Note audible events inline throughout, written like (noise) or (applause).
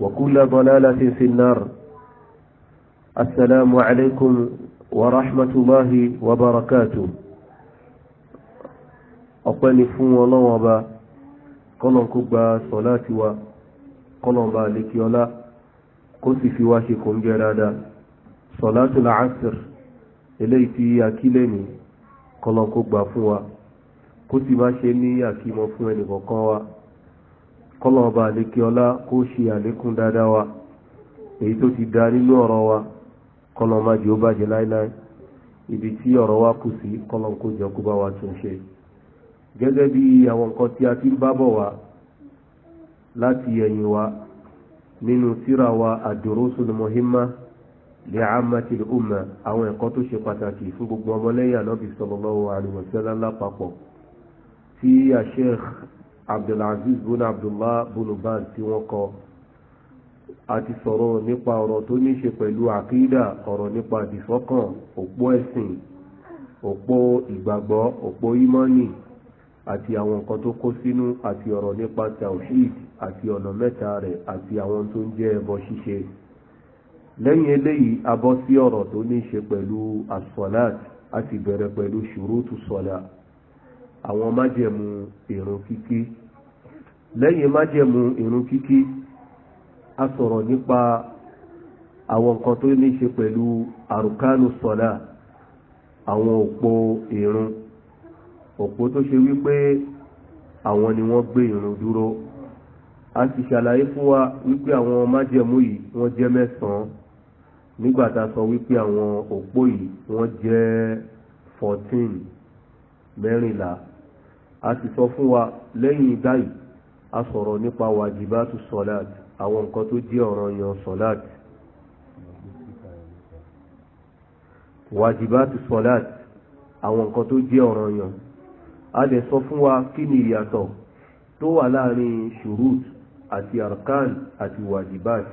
وكل ضلالة في النار السلام عليكم ورحمة الله وبركاته أقول فون الله وبا قلن كبا صلاة و قلن بالك يولا كنت في واشكم جرادا صلاة العصر إليتي أكيلني قلن كبا فوا كنت ما شيني أكيم فوني وقوا kọ́lọ̀ọ̀bà àlékiọlá kó ṣe àlékún dáadáa wa èyí tó ti da nínú ọ̀rọ̀ wa kọ́lọ̀ọ̀má jẹ́ ó bàjẹ́ láíláí ibi tí ọ̀rọ̀ wa kù sí kọ́lọ̀ọ̀n kó jọ kó bá wa tún ṣe gẹ́gẹ́ bí àwọn nǹkan tí a ti ń bábọ̀ wá láti ẹ̀yìn wa nínú síra wa ad-durusul muhimma li ammatil àwọn ẹ̀kọ́ tó ṣe pàtàkì fún gbogbo ọmọlẹ́yìn ànábì sallallahu alaihi lápapọ̀ tí a abdulaziz bin abdullah buluban tí wọ́n kọ àti sọ̀rọ̀ nípa ọ̀rọ̀ tó ní ṣe pẹ̀lú àkídà ọ̀rọ̀ nípa àdìsọ́kàn òpó ẹ̀sìn òpó ìgbàgbọ́ òpó ìmọ́nì àti àwọn nǹkan tó kó sínú àti ọ̀rọ̀ nípa tawhid àti ọ̀nà mẹ́ta rẹ̀ àti àwọn tó ń jẹ́ ẹbọ ṣíṣe lẹ́yìn eléyìí a bọ́ sí ọ̀rọ̀ tó ní ṣe pẹ̀lú asọ́láàt àti bẹ̀rẹ̀ pẹ̀lú ṣùrútù sọ́láàt àwọn májẹ̀mú ìrun kíkí lẹ́yìn májẹ̀mú ìrun kíkí a sọ̀rọ̀ nípa àwọn nǹkan tó ní ṣe pẹ̀lú àrùkánu sọ̀lá àwọn òpó ìrun òpó tó ṣe wípé àwọn ni wọ́n gbé ìrun dúró a sì ṣàlàyé fún wa wípé àwọn májẹ̀mú yìí wọ́n jẹ́ mẹ́sàn-án nígbà tá a sọ wípé àwọn òpó yìí wọ́n jẹ́ fourteen mẹ́rìnlá a sì sọ fún wa lẹ́yìn báyìí a sọ̀rọ̀ nípa wàjibátù sọ̀láàt àwọn nǹkan tó jẹ́ ọ̀ranyàn sọ̀láàt wàjibátù sọ̀láàt àwọn nǹkan tó jẹ́ ọ̀ranyàn a lè sọ fún wa kí ni ìyàtọ̀ tó wà láàrin shurut àti arkan àti wajibat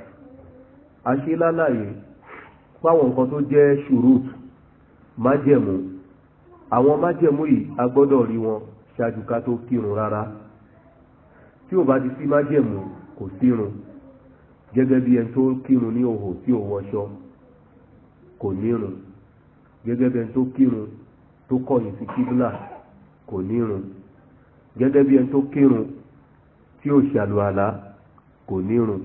a ṣe lálàyé páwọn nǹkan tó jẹ́ shurut májẹ̀mú àwọn májẹ̀mú yìí a gbọ́dọ̀ rí wọn ṣáájú ká tó kírun rárá tí ò bá ti sí májẹ̀mú kò sírun gẹ́gẹ́ bí ẹni tó kírun ní òhò tí ò wọṣọ kò nírun gẹ́gẹ́ bí ẹni tó kírun tó kọ̀yìn sí kíbla kò nírun gẹ́gẹ́ bí ẹni tó kírun tí ò ṣàlùwàlá kò nírun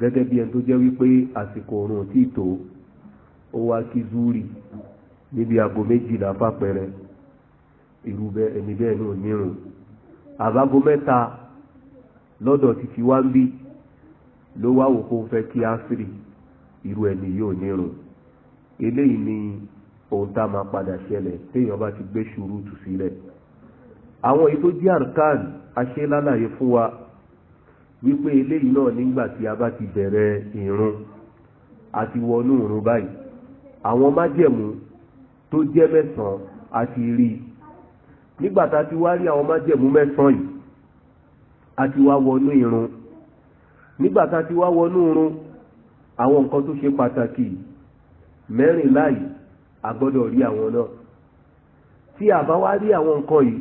gẹ́gẹ́ bí ẹni tó jẹ́ wípé àsìkò òrùn tí ì ó wá kí zúrì níbi aago méjìlá fàpẹrẹ irú bẹ́ẹ̀ ẹni bẹ́ẹ̀ náà nírun àbágo mẹ́ta lọ́dọ̀ títí wá ń bí ló wá wò kó fẹ́ kí áfírì irú ẹni yóò nírun eléyìí ni ohun tá a máa padà ṣẹlẹ̀ téèyàn bá ti gbé ṣùrùtù sílẹ̀ àwọn èyí tó jẹ́ arkan aṣẹ́lálàyé fún wa wípé eléyìí náà nígbà tí a bá ti bẹ̀rẹ̀ ìrun àti wọnú ìrun báyìí àwọn májẹ̀mú tó jẹ́ mẹ́sàn-án àti rí i nígbà tá a ti wá rí àwọn májẹ̀mú mẹ́sàn-án yìí a ti wá wọnú irun nígbà tá a ti wá wọnú irun àwọn nǹkan tó ṣe pàtàkì mẹ́rìnlá yìí a gbọ́dọ̀ rí àwọn náà tí a wá rí àwọn nǹkan yìí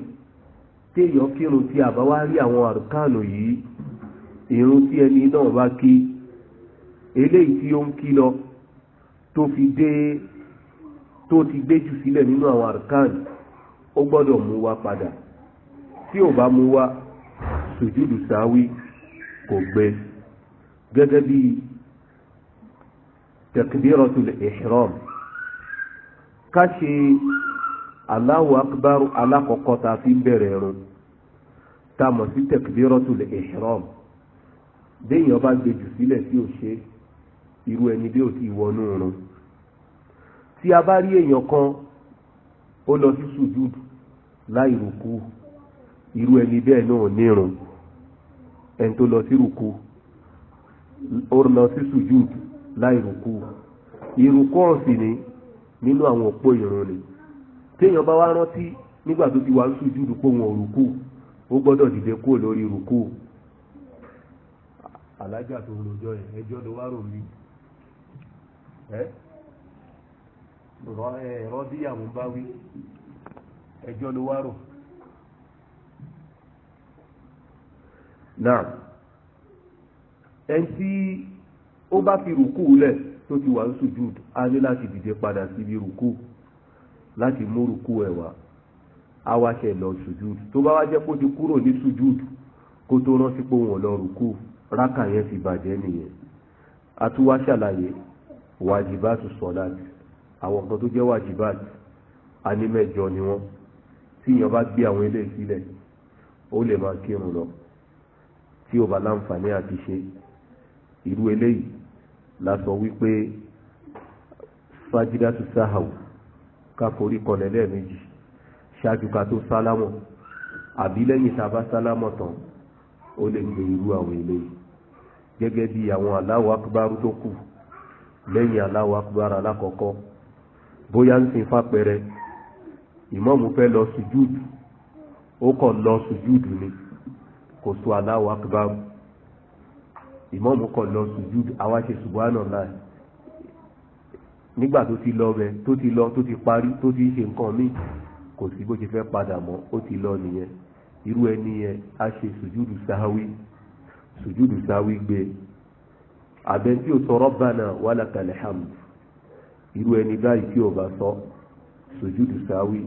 téèyàn kírun tí a bá wá rí àwọn àrùkánù yìí irun tí ẹni náà bá kí eléyìí tí ó ń kí lọ tó fi dé tó ti gbé jù sílẹ̀ nínú àwọn àrùkánù ó gbọ́dọ̀ mú wa padà tí ò bá mú wa sùjúdù sáwí kò gbé gẹ́gẹ́ bí takbiratul ihram ká ṣe Allahu akbar alákọ̀ọ́kọ́ ta fi ń bẹ̀rẹ̀ ẹ̀rùn ta mọ̀ sí takbiratul ihram déèyàn bá gbèjù sílẹ̀ tí ò ṣe irú ẹni bí ò ti wọnú run tí a bá rí èèyàn kan ó lọ sí sùjúd láì rùkú irú ẹni bẹ́ẹ̀ náà nírun ẹni tó lọ sí rùkú ó lọ sí sùjúd láì rùkú ìrùkú ọ̀sìn ni nínú àwọn òpó ìrun ni téèyàn bá wá rántí nígbà tó ti wà ń sùjúd pé òun ò rùkú ó gbọ́dọ̀ dìde kúrò lórí rùkú alájà tó ń lojọ yẹn ẹjọ́ ló wá rò mí ẹ́. Eh? rọ́díyàwó bá wí ẹjọ́ ló wá rò. náà ẹni tí ó bá fi rùkú lẹ̀ tó ti wà ń sùjúd á ní láti dìde padà síbi rùkú láti mú rùkú ẹ̀ wá á wá ṣe lọ sùjúd tó bá wá jẹ́ kó ti kúrò ní sùjúd kó tó rántí pé òun lọ rùkú rákà yẹn ti bàjẹ́ nìyẹn a tún wá ṣàlàyé wàjibá tún sọ láti àwọn nǹkan tó jẹ́ wajibat anímẹ́jọ ni wọ́n tí èèyàn bá gbé àwọn ilé sílẹ̀ ó lè máa kírun lọ tí ò bá láǹfààní àti ṣe irú eléyìí la sọ wípé fájídátù sáhàwù ká forí kọlẹ̀ lẹ́ẹ̀mejì ṣáájú ká tó sálámọ̀ àbí lẹ́yìn tá a bá sálámọ̀ tán ó lè gbé irú àwọn eléyìí gẹ́gẹ́ bí àwọn Allahu akbar tó kù lẹ́yìn Allahu akbar alákọ̀ọ́kọ́ bóyá ń sin fápẹrẹ ìmọ̀mù fẹ́ lọ sùjúùdù ó kàn lọ sùjúùdù ni kò sọ Allahu akbar ìmọ̀mù kàn lọ sùjúùdù àwa ṣe subhanallah nígbà tó ti lọ bẹ tó ti lọ tó ti parí tó ti ṣe nǹkan míì kò sí bó ṣe fẹ́ padà mọ́ ó ti lọ nìyẹn irú ẹni yẹn á ṣe sùjúdù sáháwí sùjúdù sáháwí gbé abẹ́ tí ó sọ rabbana wa lakal hamd irú ẹni báyìí kí ọba sọ sojúdù sáwí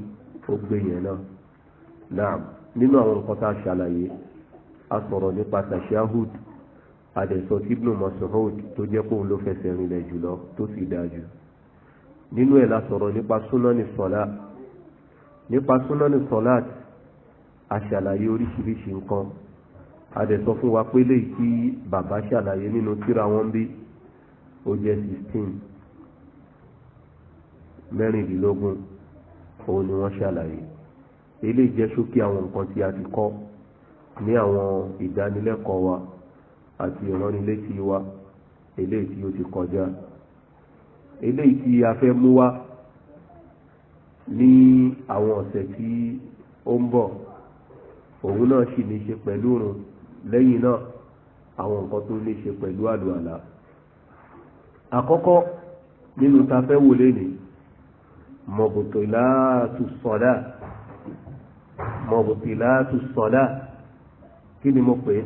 ó gbé yẹn náà naam nínú àwọn nǹkan tá a ṣàlàyé a sọ̀rọ̀ nípa tashahud adẹ̀sọ tibnu Mas'ud tó jẹ́ kóun ló fẹsẹ̀ rinlẹ̀ jùlọ tó sì dáa jù nínú ẹ̀ la sọ̀rọ̀ nípa súnáni sọ̀lá nípa súnáni sọ̀lá a ṣàlàyé oríṣiríṣi nǹkan adẹ̀sọ fún wa pé léyìí tí bàbá ṣàlàyé nínú tírà wọn bí ó jẹ́ sixteen mẹ́rìndínlógún òun ni wọ́n ṣàlàyé eléyìí jẹ́ ṣókí àwọn nǹkan tí a ti kọ́ ní àwọn ìdánilẹ́kọ̀ọ́ wa àti ìránnilétí wa eléyìí tí ó ti kọjá eléyìí tí a fẹ́ mú wá ní àwọn ọ̀sẹ̀ tí ó ń bọ̀ òun náà sì ní ṣe pẹ̀lú òrùn lẹ́yìn náà àwọn nǹkan tó ní ṣe pẹ̀lú àlùalà àkọ́kọ́ nínú ta fẹ́ wò lénìí mọ̀bùtìláàtù sọ̀dá mọ̀bùtìláàtù sọ̀dá kí ni mo pè é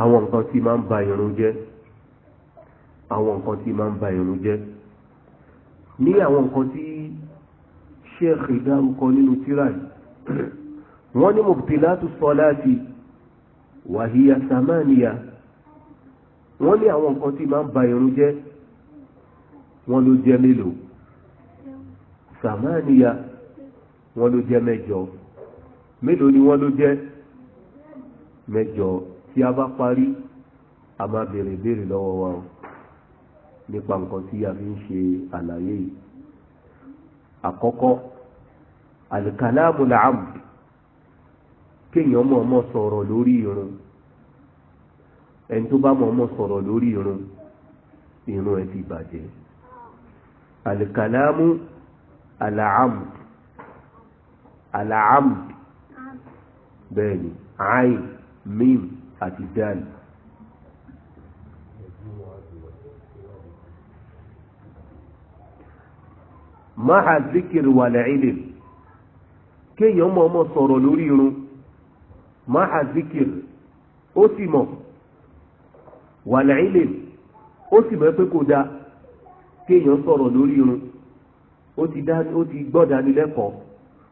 àwọn nǹkan tí máa ń ba ìrun jẹ́ àwọn nǹkan tí máa ń ba ìrun jẹ́ ní àwọn nǹkan tí sheikh dárúkọ nínú tírà wọ́n ní mọ̀bùtìláàtù sọ̀dá ti wàhíyà sàmáníyà wọ́n ní àwọn nǹkan tí máa ń ba ìrun jẹ́ wọ́n ló jẹ́ mélòó sàmáníyà wọ́n ló jẹ́ mẹ́jọ mélòó ni wọ́n ló jẹ́ mẹ́jọ tí a bá parí a máa béèrè béèrè lọ́wọ́ wa o nípa nǹkan tí a fi ń ṣe àlàyé yìí àkọ́kọ́ alikalamu làámù kéèyàn mọ̀ọ́mọ̀ sọ̀rọ̀ lórí irun ẹni tó bá mọ̀ọ́mọ̀ sọ̀rọ̀ lórí irun irun ẹ ti bàjẹ́ alikalamu alaamd alaamd bẹ́ẹ̀ni ayi mim àti dal. máa zikiri wà lẹ́yìn kéèyàn mọ̀ ọmọ sọ̀rọ̀ lórí irun máa zikiri ó sì mọ̀ wà lẹ́yìn ó sì mọ̀ pé kò dáa kéèyàn sọ̀rọ̀ lórí irun ó ti dá ó ti gbọ́ dánilẹ́kọ̀ọ́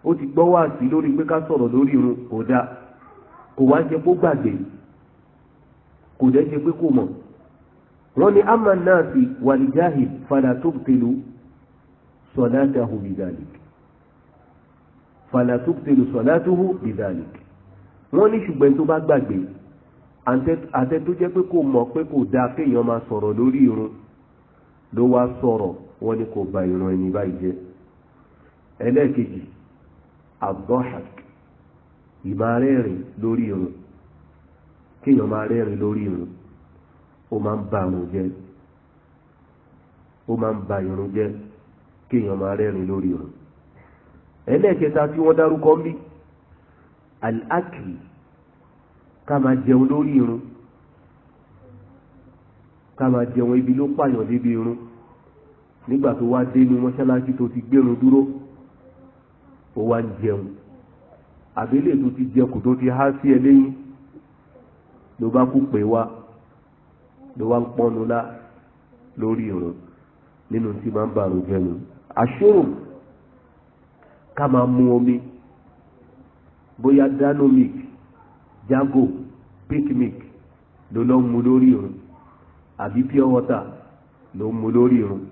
ó ti gbọ́ wáàsí lórí pé ká sọ̀rọ̀ lórí irun kò dáa kò wá ṣe kó gbàgbé kò dẹ́ ṣe pé kò mọ̀ wọ́n ní ama náà ti wàlíjáhì fàlà tó tẹ̀lú sọ̀dátàhù bìdàlìk fàlà tó tẹ̀lú sọ̀dátàhù bìdàlìk wọ́n ní ṣùgbọ́n tó bá gbàgbé àtẹ jẹ́ pé kò mọ̀ pé kò dáa kéèyàn máa sọ̀rọ̀ lórí irun ló wá sọ̀rọ̀ wọ́n ní kò ba ìran ẹni báyìí jẹ́ ẹlẹ́ẹ̀kejì abdulhaq ìmáa rẹ́rìn lórí irun kéèyàn máa rẹ́rìn lórí irun ó máa ń ba irun jẹ́ ó máa ń ba irun jẹ́ kéèyàn máa rẹ́rìn lórí irun ẹlẹ́ẹ̀kẹta tí wọ́n dárúkọ bí al ká máa jẹun lórí irun ká máa jẹun ibi ló pààyàn débi irun nígbà tó wá dé ní mọ́ṣáláṣí tó ti gbérun dúró ó wá ń jẹun àbílẹ̀ tó ti jẹ kù tó ti há sí ẹlẹ́yìn ló bá kú pé wá ló wá ń pọ́nu lá lórí irun nínú tí máa ń bàrún jẹun àṣírò ká máa mu omi bóyá danomic jago picnic ló lọ́ mu lórí irun àbí pure water ló ń mu lórí irun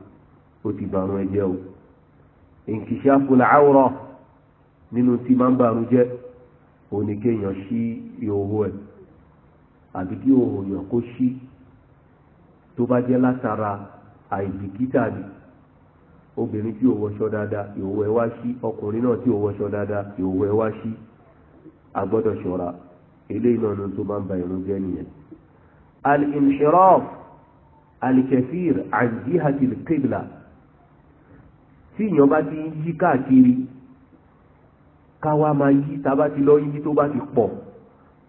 ó ti bàrún ẹ̀jẹ̀ o inkishaful awra nínú tí máa ń bàrún jẹ́ òun ni kéèyàn ṣí ìhòòhò ẹ̀ àbí kí ìhòòhò yàn kó ṣí tó bá jẹ́ látara àìbìkítà ni obìnrin tí ò wọṣọ dáadáa ìhòòhò ẹ̀ wá ṣí ọkùnrin náà tí ò wọṣọ dáadáa ìhòòhò ẹ̀ wá ṣí a gbọ́dọ̀ eléyìí náà ló tó máa ń ba irun jẹ́ nìyẹn al-inhiraf alikẹfir anjihatil kibla tí ìyàn bá ti ń yí káàkiri káwa máa yí tá a bá ti lọ yí tó bá ti pọ̀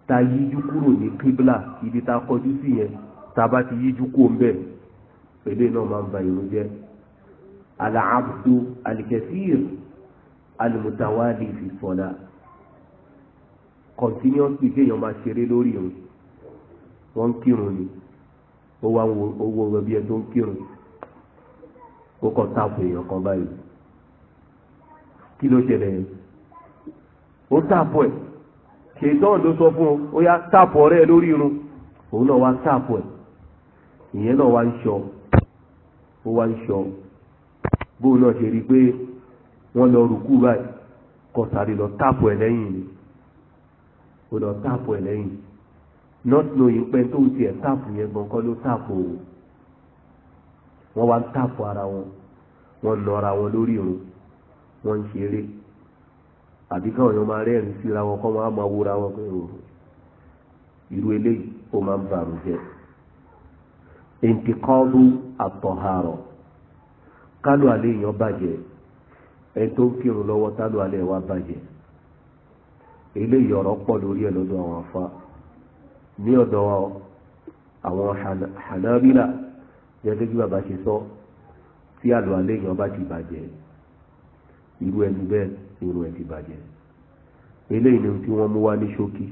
tá a yíjú kúrò ní kibla ibi tá a kọjú sí yẹn tá a bá ti yíjú kúrò ń bẹ̀ iná máa ń ba irun jẹ́ alaabdu alikẹfir alimutawali fi sọ̀dá kéèyàn máa ṣeré lórí òun kírun ni. O wá owó wọn bí ẹ tó ń kírun ó kọ táàpù èèyàn kan báyìí kí ló ṣẹlẹ̀ yẹn ó táàpù ẹ̀ ṣètọ́n ló sọ fún un ó yá táàpù ọ̀rẹ́ lórí irun òun náà wá táàpù ẹ̀ ìyẹn náà wá ń ṣọ ó wá ń ṣọ bóun náà ṣe rí i pé wọn lọ rùkú báyìí kọ̀ọ̀tàrí lọ táàpù ẹ̀ lẹ́yìn ni ó lọ not knowing pé tó ti ẹ̀ táàpù yẹn gan kọ́ ló táàpù o wọ́n wá ń táàpù ara wọn wọ́n nà ara wọn lórí irun wọ́n ń ṣeré àbí káwọn èèyàn máa rẹ́rìn síra wọn kọ́ máa máa wúra wọn pé o irú eléyìí ó máa ń bàrù jẹ ìǹtìkọ́lù àtọ̀hárọ̀ kálù àlẹ́ èèyàn bàjẹ́ ẹ tó ń kírun lọ́wọ́ kálù àlẹ́ wa bàjẹ́ eléyìí ọ̀rọ̀ pọ̀ lórí ẹ̀ lọ́dọ̀ àwọn afá ní ọ̀dọ̀ àwọn hànábílà gẹ́gẹ́ bí bàbá ṣe sọ tí àlọ́ alẹ́ èèyàn bá ti bàjẹ́ irú ẹni bẹ́ẹ̀ irú ẹ ti bàjẹ́ eléyìí ni tí wọ́n mú wá ní ṣókí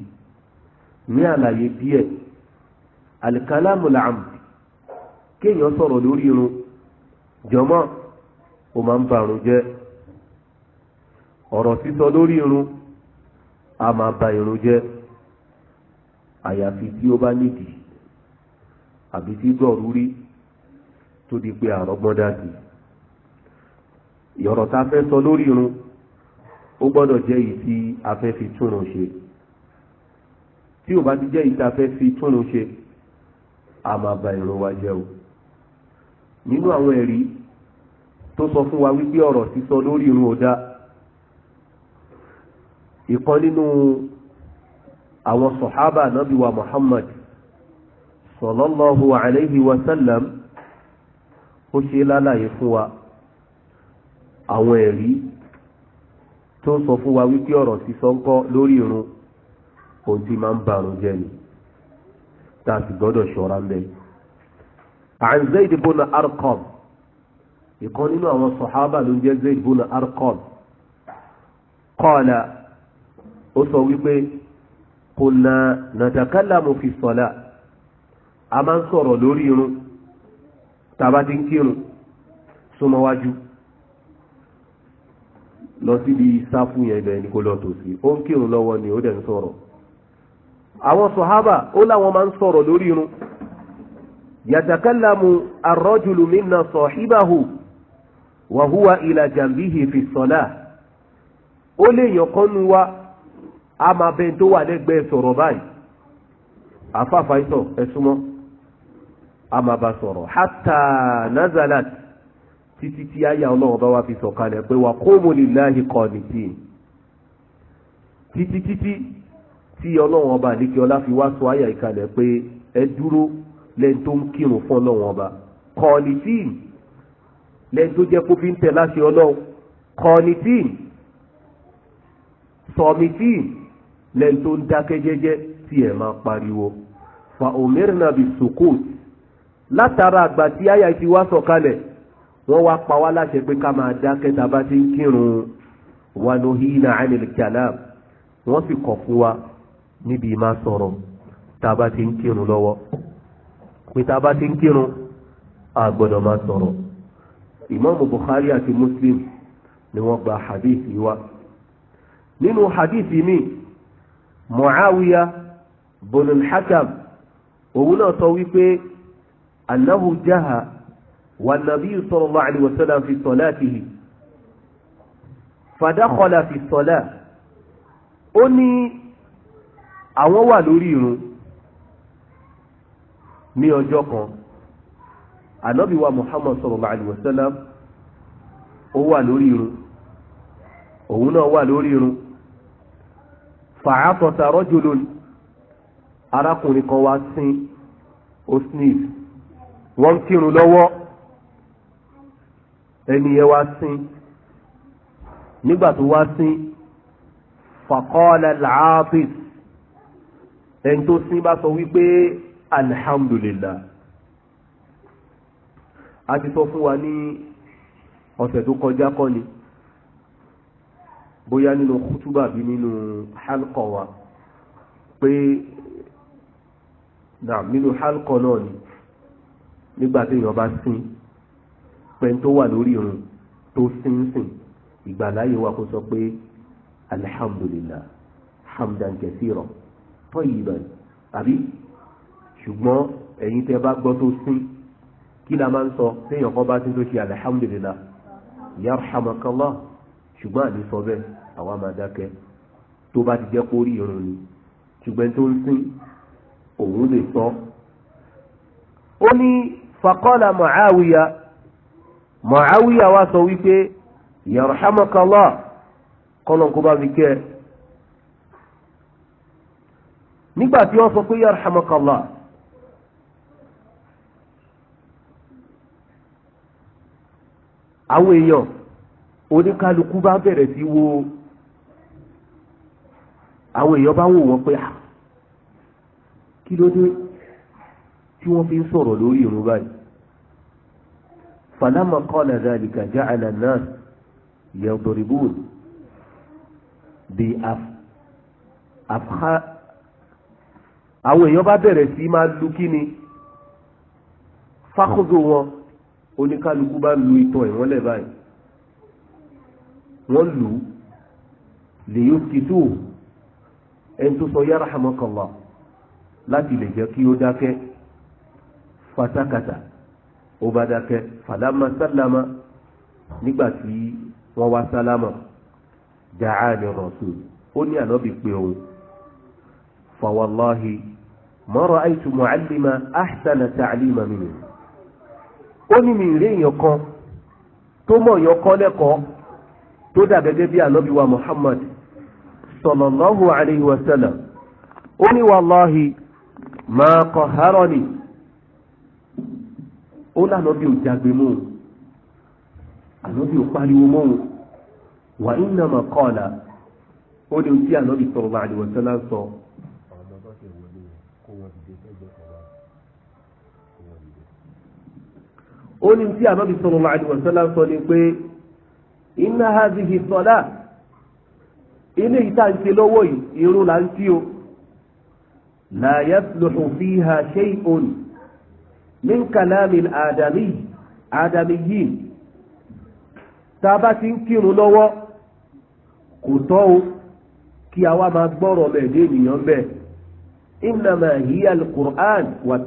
ní àlàyé díẹ̀ alikalamu kéèyàn sọ̀rọ̀ lórí irun jọmọ́ ó máa ń barun jẹ́ ọ̀rọ̀ sísọ lórí irun a máa ba irun jẹ́ àyàfi tí ó bá nídìí àbí tí gbọ̀rú rí tó di pé àrọ́gbọ́n dàgbé ìyọ̀rọ̀ tá a fẹ́ sọ lórí irun ó gbọ́dọ̀ jẹ́ èyí tí a fẹ́ fi túnrun ṣe tí ò bá ti jẹ́ èyí tí a fẹ́ fi túnrun ṣe a máa ba irun wa jẹ́ o nínú àwọn ẹ̀rí tó sọ fún wa wípé ọ̀rọ̀ sísọ lórí irun ò dá ìkan nínú àwọn sọ̀hábà ànábì wa Muhammad sallallahu alayhi wa sallam ó ṣe lálàyé wa àwọn ẹ̀rí tó sọ fún wa wípé ọ̀rọ̀ sísọ ń lórí irun ohun tí máa ń barun jẹ́ ni tá a sì gbọ́dọ̀ ṣọ́ra ń bẹ. an Zayd ibn ìkan nínú àwọn sọ̀hábà ló ń jẹ́ kùnà nàtàkàlàmù fi sọ̀lá a máa ń sọ̀rọ̀ lórí irun tàbá ti ń kírun súnmọ́wájú lọ síbi sáfù yẹn ibẹ̀ ní kó lọ tòsí ó ń kírun lọ́wọ́ ni ó dẹ̀ ń sọ̀rọ̀ àwọn sọ̀hábà ó láwọn máa ń sọ̀rọ̀ lórí irun yàtàkàlàmù arọ́jùlù minna sọ̀híbàhù wàhúwa ìlà jàmbíhì fi sọ̀lá ó léèyàn kan nu wa a máa bẹ tó wà lẹ́gbẹ̀ẹ́ sọ̀rọ̀ báyìí àfààfà ìtọ̀ ẹ súnmọ́ bá sọ̀rọ̀ hatta nazalat títí tí àyà ọlọ́run bá wá fi sọ̀kalẹ̀ pé wa qumu lillahi qanitin títí títí tí ọlọ́run ọba àdékè ọlá fi wá sọ àyà ìkalẹ̀ pé ẹ dúró lẹ́ni tó ń kírun fún ọlọ́run ọba qanitin lẹ́ni tó jẹ́ kó fi ń tẹ̀ láṣẹ ọlọ́run qanitin sọ̀mìtín lẹ́yìn tó ń dákẹ́ jẹ́jẹ́ tí ẹ̀ máa pariwo fa omirna bi sukut látara àgbà tí àyà ti wá sọ̀kalẹ̀ wọ́n wá pa wá láṣẹ pé ká máa dákẹ́ tá bá ti ń kírun wa anil kalam wọ́n sì kọ̀ fún wa níbi máa sọ̀rọ̀ tá bá ti ń kírun lọ́wọ́ pé tá bá ti ń kírun a gbọ́dọ̀ máa sọ̀rọ̀ ìmáàmù Bukhari àti Muslim ni wọ́n gba hadith yìí wá nínú hadith yìí muawiya bonul hakam òun náà sọ wípé annahu jaha wa nabi sallallahu alayhi wa sallam fi salatihi fadakhala fi salat ó ní àwọn wà lórí irun ní ọjọ́ kan anabi muhammad sallallahu alayhi wa sallam ó wà lórí irun òun náà wà lórí irun fàátọ̀tà rọ́jòló arákùnrin kan wá sín ó sniff wọ́n ń kírun lọ́wọ́ ẹni yẹn wá sín nígbà tó wá sín fàkọ́ọ̀lá làábìs ẹni tó sín bá sọ wípé alhamdulillah a ti sọ fún wa ní ọ̀sẹ̀ tó kọjá kọ́ ni bóyá nínú kútúbà bí nínú hálkọ̀ wa pé náà nínú hálkọ̀ náà ni nígbà tí èèyàn bá sin pé tó wà lórí irun tó sínsìn ìgbàláyé wa kó sọ pé alhamdulillah hamdan kathira tayyiban àbí ṣùgbọ́n ẹ̀yin tẹ́ bá gbọ́ tó sín kí la máa ń sọ téèyàn kan bá sín tó ṣe alhamdulillah yarhamakallah ṣùgbọ́n àní sọ bẹ́ẹ̀ àwa máa dákẹ́ tó bá ti jẹ́ kó rí irun ni ṣùgbọ́n tó ń sìn òun lè sọ. ó ní faqala Muawiya Muawiya wa sọ wípé yarhamukallah kọ́nà kó bá mi kẹ́ ẹ. nígbà tí wọ́n sọ pé yarhamukallah. àwọn èèyàn oníkálukú bá bẹ̀rẹ̀ sí wo àwọn èèyàn bá wò wọ́n pé à kí ló dé tí wọ́n fi ń sọ̀rọ̀ lórí ìrun báyìí falamma qala dhalika ja'ala an-nas yadribun bi afha àwọn èèyàn bá bẹ̀rẹ̀ sí máa lu kíni fákòzò wọn oníkálukú bá lu ìtọ̀ ìwọ́n lẹ̀ báyìí wọ́n lù ú lè yóò fi tó ẹni tó sọ yarhamukallah láti lè jẹ́ kí ó dákẹ́ fatakata ó bá dákẹ́ falama sálámà nígbà tí wọ́n wá sálámà dàá ni rasul ó ní ànábì pé òun fawallahi ma ra'aytu mu'allima ahsana ta'lima minhu ó ní mi rí èèyàn kan tó mọ̀ yàn kọ́ lẹ́kọ̀ọ́ tó dà gẹ́gẹ́ bí ànábì wa Muhammad sallallahu alayhi wa sallam ó ní wàláhi máa kọ hárọ ni ó lànà bí ò jágbe mú un àná bí ò pariwo mọ́ un wà iná mà kọ́ọ̀là ó ní tí ànábì sallallahu alayhi wa sallam sọ. ó ní tí ànábì sallallahu alayhi wa sallam sọ ni pé iná hazihi sọlá ilé yìí tá à ń ṣe lọ́wọ́ yìí irun là ń kí o la yasluhu fiha shay'un min kalami adami adami yìí tá a bá ti ń kírun lọ́wọ́ kò tọ́ o kí a wá máa gbọ́rọ̀ mẹ́ẹ̀dé ènìyàn bẹ́ẹ̀ innama hiya al-Qur'an wa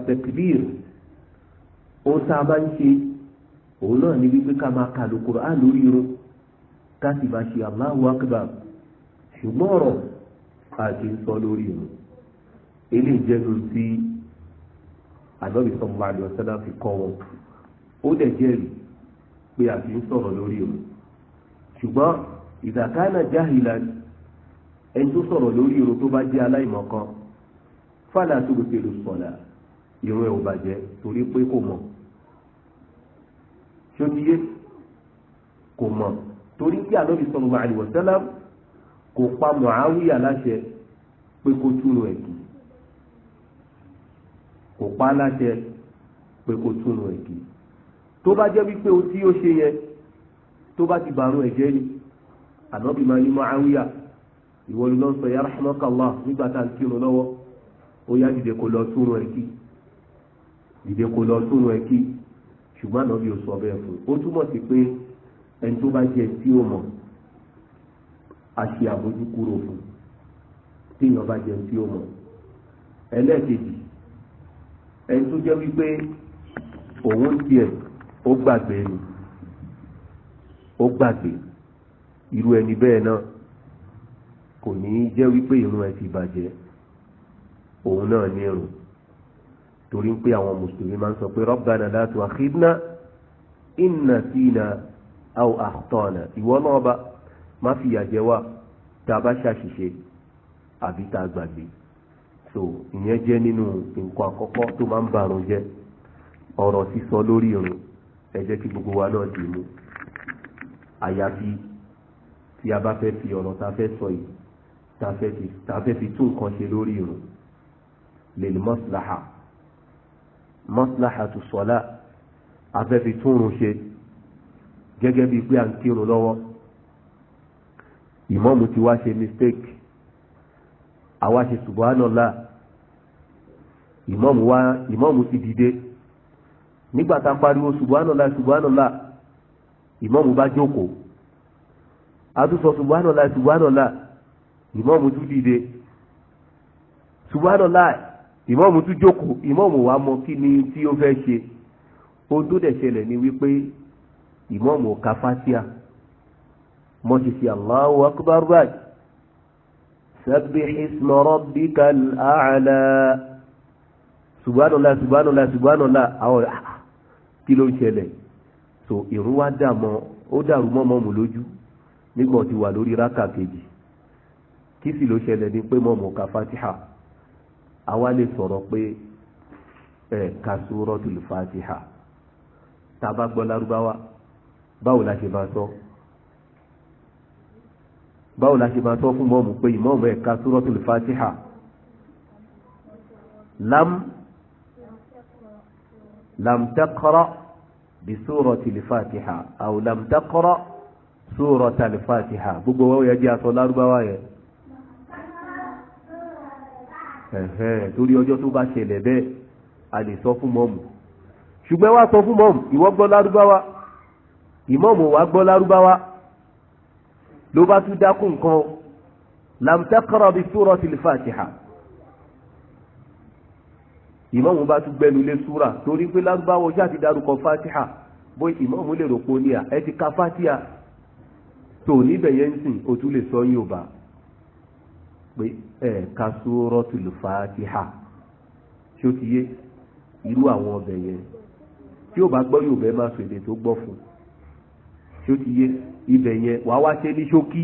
ó tá a máa ń ṣe òun náà ní wípé ká máa kàlù lórí irun táti bá ṣe Allahu akbar ṣùgbọ́n ọ̀rọ̀ àti ń sọ lórí òun ilé ìjẹun tí ànábì sọmọ àlè ọ̀sẹ́dá fi kọ́ wọn ó dẹ̀ jẹ́rìí pé àti ń sọ̀rọ̀ lórí òun ṣùgbọ́n ìdàkánà jáhìlá ẹni tó sọ̀rọ̀ lórí òun tó bá jẹ́ aláìmọ̀kan fàlà tó gbèsè ló sọ̀là ìrún ẹ̀ ò bàjẹ́ torí pé kò mọ̀ ṣó ti yé kò mọ̀ torí pé ànábì sallallahu alaihi wasallam kò pa Muawiya láṣẹ pé kó túnú ẹ̀ kì kò pa láṣẹ pé kó túnú ẹ̀ kì tó bá jẹ́ wípé o tí ó ṣe yẹn tó bá ti bàrún ẹ̀jẹ̀ ni ànábì máa ní Muawiya ìwọ ló ń sọ ya rahmakallah nígbà tá à ń kírun lọ́wọ́ ó yá dìde kó lọ túnú ẹ̀ kì dìde kó lọ túnú ẹ̀ kì ṣùgbọ́n ànábì ò sọ bẹ́ẹ̀ fún un ó túmọ̀ sí pé ẹni tó bá jẹ tí ó mọ̀ a ṣe àbójúkúrò fún téèyàn bá jẹ tí ó mọ̀ ẹlẹ́ẹ̀kejì ẹni tó jẹ́ wípé òun tiẹ̀ ó gbàgbé ni ó gbàgbé irú ẹni bẹ́ẹ̀ náà kò ní í jẹ́ wípé irun ẹ ti bàjẹ́ òun náà ní irun torí pé àwọn mùsùlùmí máa ń sọ pé rabbana la tu'akhidna in nasina àwọn àtọ̀nà ìwọ náà bá má fi ìyà jẹ wá tá a bá ṣàṣìṣe àbí tá a gbàgbé so ìyẹn jẹ́ nínú nǹkan àkọ́kọ́ tó máa ń bàrùn jẹ́ ọ̀rọ̀ sísọ lórí irun ẹ jẹ́ kí gbogbo wa náà dì mú àyàfi tí a bá fẹ́ fi ọ̀rọ̀ tá a fẹ́ sọ yìí tá a fẹ́ fi tún nǹkan ṣe lórí irun lèlè mọ́síláhà mọ́síláhà tó sọ́lá a fẹ́ fi tún irun ṣe gẹ́gẹ́ bíi pé à ń kírun lọ́wọ́ ìmọ̀mù ti wá ṣe mistake àwa ṣe subhanallah ìmọ̀mù wá ìmọ̀mù ti dìde nígbà tá a pariwo subhanallah subhanallah ìmọ̀mù bá jókòó àtúnṣọ subhanallah subhanallah ìmọ̀mù tún dìde subhanallah ìmọ̀mù tún jókòó ìmọ̀mù wá mọ kí ni tí ó fẹ́ ṣe ohun tó dẹ̀ ṣẹlẹ̀ ni wípé ìmọ̀ọ́mù ọ̀ka fásíà mọ́ṣíṣì Allahu akbar báyìí sabbih isma rabbikal a'la subhanallah subhanallah subhanallah àwọn ah, kí ló ń ṣẹlẹ̀ so ìrun wa dà mọ́ ó dàrú mọ́ mọ́mù lójú nígbà tí wà lórí rákà kejì kí sì ló ṣẹlẹ̀ ni pé mọ́mù ọ̀ka fásíà àwa lè sọ̀rọ̀ pé ẹ̀ ka suratul fásíà tá gbọ́ lárúbáwá báwo la ṣe bá sọ báwo la ṣe bá sọ fún mọ́ọ̀mù pé ìmọ̀ọ̀mù ẹ̀ka súrọ́tù fatiha lam lam taqra bi súrọ́tù fatiha aw lam taqra súrọ́tù fatiha gbogbo wọn yẹ jẹ́ aṣọ lárúbáwá yẹn ẹ̀hẹ́n torí ọjọ́ tó bá ṣẹlẹ̀ bẹ́ẹ̀ a lè sọ fún mọ́ọ̀mù ṣùgbọ́n wá sọ fún mọ́ọ̀mù ìwọ lárúbáwá ìmọ̀ọ́mù wa gbọ́ lárúbáwá ló bá tún dákú nǹkan làmtẹ́kọ̀rọ̀ bíi súrọ̀ ti lè fàtìhà ìmọ̀ọ́mù bá tún gbẹnu lé súrà torí pé lárúbáwá ọjọ́ àti dárúkọ fàtìhà bó ìmọ̀ọ́mù lè rògbò ní à ẹ ti ka fàtìhà tó níbẹ̀ yẹn ń sìn o tún lè sọ yóò bá pé ẹ ka súrọ̀ ti fàtìhà ṣé ti yé irú àwọn ọbẹ̀ yẹn tí o bá gbọ́ yóò bẹ́ẹ̀ má sọ èdè tó gbọ́ fún un. tí ó ti yé ibẹ̀ yẹn wàá wá ṣe ní ṣókí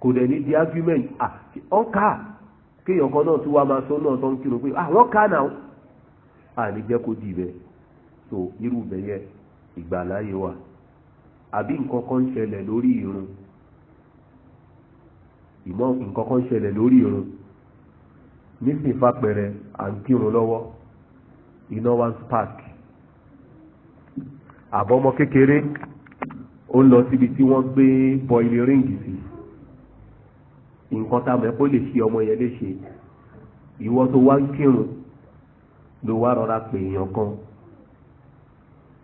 kò dẹ̀ ní di argument ọ̀ka kéèyàn kan náà tún wá máa sọ náà tó ń kírun pé àwọn ká náà àní jẹ́ kó di ibẹ̀ so irú ibẹ̀ yẹn ìgbàláyé wa àbí nǹkan kan ń lórí irun ìmọ̀ nǹkan kan ń lórí irun nísìnyí fapẹ̀rẹ̀ à ń kírun lọ́wọ́ iná ń spark àbọ̀mọ kékeré ó lọ síbi tí wọ́n gbé bọ́ìlì ríǹgì sí nǹkan tá a mọ̀ kó lè ṣe ọmọ yẹn léṣe ìwọ tó wá ń kírun ló wá rọra pè èèyàn kan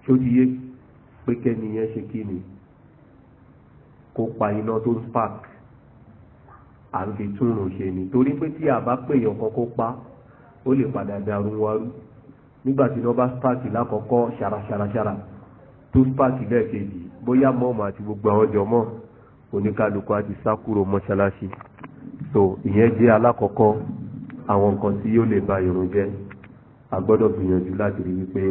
ṣódiyé pé kẹ́ni yẹn ṣe kí ni kó pa iná tó ń spark à ń fi túnrùn ṣe ni torí pé tí a bá pè èèyàn kan kó pa ó lè padà darun warú nígbà tí iná bá spark lákọ̀ọ́kọ́ ṣaraṣaraṣara. Shara, shara, shara túpáàkì lẹ́ẹ̀kejì bóyá mọ́ọ̀mù àti gbogbo àwọn jọmọ́ oníkálukú àti sákúrò mọ́ṣáláṣí so ìyẹn jẹ́ alákọ̀ọ́kọ́ àwọn nǹkan tí yóò lè ba ìrun jẹ́ a gbọ́dọ̀ gbìyànjú láti rí wípé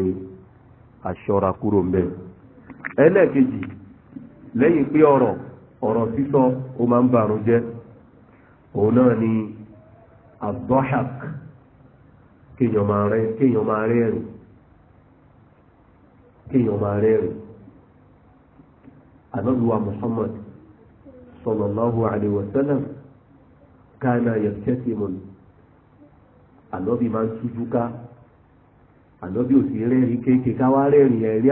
aṣọ́ra kúrò ńbẹ̀. ẹlẹ́ẹ̀kejì lẹ́yìn pé ọ̀rọ̀ ọ̀rọ̀ sísọ ó máa ń ba ìrun jẹ́ òun náà ni abdulhaq kéèyàn máa rẹ́rìn kéèyàn máa rẹ́rìn anabiwa muhammad sallallahu alayhi wa sallam kana yabtasimun anabi máa ń tújú ká anabi ò sì rẹ́rìn kéèké ká wá rẹ́rìn ẹ̀rí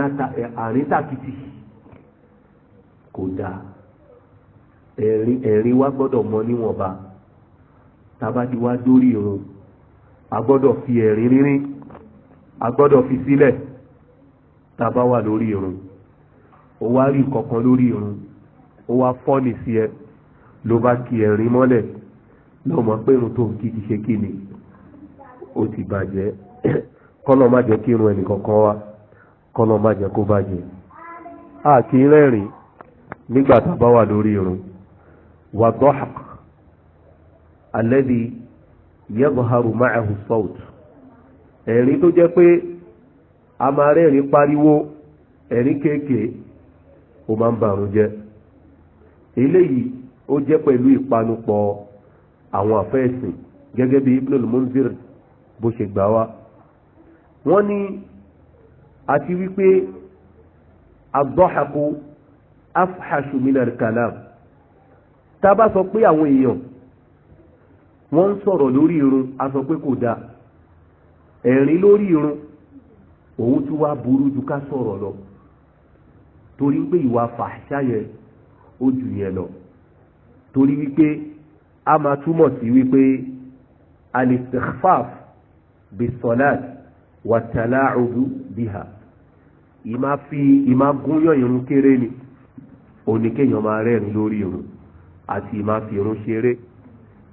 àríntàkìtì kò dáa ẹ̀rín wa gbọ́dọ̀ mọ níwọ̀nba tabadi wa dórí irun a gbọ́dọ̀ fi ẹ̀rín rínrín a gbọ́dọ̀ fi sílẹ̀. Si tàbá wà lórí irun ó wá rí kankan lórí irun ó wá fọ́ọ̀nì sí ẹ ló bá kí ẹ̀rín mọ́lẹ̀ lọ́ mọ̀ pé irun tó ń kí ti ṣe kí ni ó ti bàjẹ́ (clears throat) kọ́nà má jẹ́ kí irun ẹnì wá kọ́nà má jẹ́ kó bàjẹ́ a kì í rẹ́rìn nígbà tàbá wà lórí irun wà dọ́hàk alladhi yadhharu ma'ahu sawt ẹ̀rín tó jẹ́ pé a máa rẹ́rìn pariwo ẹ̀rín kéèké ó máa ń bàrún jẹ́ eléyìí ó jẹ́ pẹ̀lú ìpanupọ̀ àwọn àfẹ́ẹ̀sìn gẹ́gẹ́ bí Ibn al-Munzir bó ṣe gbà wá wọ́n ní àti wípé ad afhashu min al-kalam tá a bá sọ pé àwọn èèyàn wọ́n ń sọ̀rọ̀ lórí irun a sọ pé kò dáa ẹ̀rín lórí irun òun tún wá burú ju ká sọ̀rọ̀ lọ torí pé ìwà fàṣà yẹn ó jù yẹn lọ torí wípé a máa túmọ̀ sí wípé alistighfaf bisolat watala'udu biha ìmá fi ìmá gúnyàn irun kéré ni oníkéèyàn máa rẹ́rìn lórí irun àti ìmá fi irun ṣeré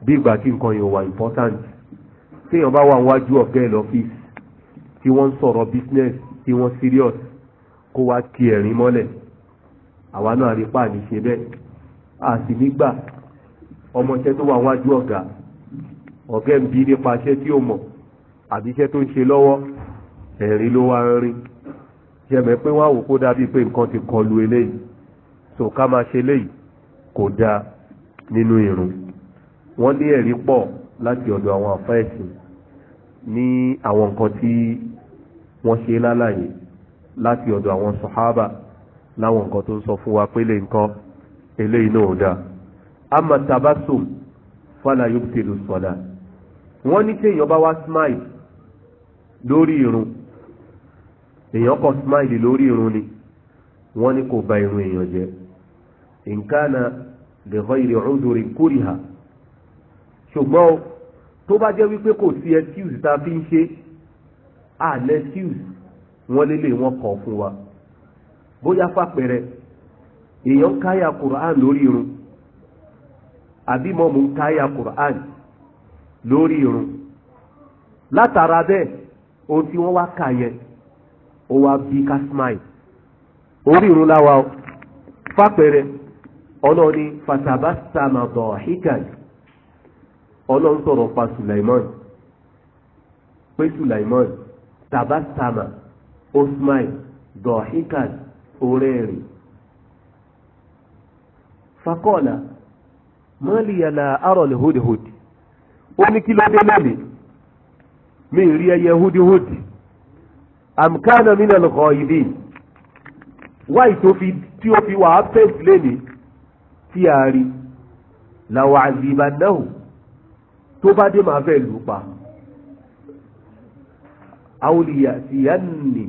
bí ìgbà tí nǹkan yẹn wà important téèyàn bá wà níwájú ọ̀gá ẹ̀ lọ́fíìsì tí wọ́n ń sọ̀rọ̀ business tí wọ́n serious kó wá kí ẹ̀rín mọ́lẹ̀ àwa náà rí páàdì ṣe bẹ́ẹ̀ a sì nígbà ọmọọṣẹ́ tó wà wájú ọ̀gá ọ̀gá ń bí nípa iṣẹ́ tí ó mọ̀ àbí iṣẹ́ tó ń ṣe lọ́wọ́ ẹ̀rín ló wá ń rìn jẹ́mẹ̀ pé wọ́n á wò kó dàbí pé nǹkan ti kọlu eléyìí so ká máa ṣe léyìí kò dáa nínú irun wọ́n ní ẹ̀rí pọ̀ láti ọ̀dọ̀ àwọn àfáà ẹ̀sìn ní àwọn nǹkan tí wọ́n ṣe lálàyé láti ọ̀dọ̀ àwọn sọ̀hábà láwọn nǹkan tó ń sọ fún wa pé lè nǹkan eléyìí náà ò ama tabasum fala yubtilu sọ̀dà wọ́n ní tí èèyàn bá wá smile lórí irun èèyàn kò smile lórí irun ni wọ́n ní kò bà irun èèyàn jẹ́ nǹkan li ghayri udhuri kuriha ṣùgbọ́n tó bá jẹ́ wípé kò sí excuse tá a fi ń ṣe é àlẹ́síùs ah, wọn lélẹ̀ wọn kọ fún wa bóyá fàpẹrẹ èèyàn káyà kùrán lórí irun àbí mọ́mú káyà kùrán lórí irun látara bẹ́ẹ̀ ohun tí wọ́n wá kà yẹn ó wá bí kásmáì orí irun láwa o fàpẹrẹ ní fatabasama dọ̀híkàn sọ̀rọ̀ pa pé tabasama osmai dọ̀híkan orẹ́rìn fakọ́ọ̀là mọ́lìyàlà arọ̀lẹ̀ hódìhódì ó ní kí ló dé lónìí mi rí ẹyẹ hódìhódì àmkánà mínà lọ́kọ̀ ìdí wáì tí ó fi wà á pẹ́ẹ́sì tí a rí làwọn àzìbàdáhù tó bá dé máa fẹ́ lù pa àwòlìyà ti yá nì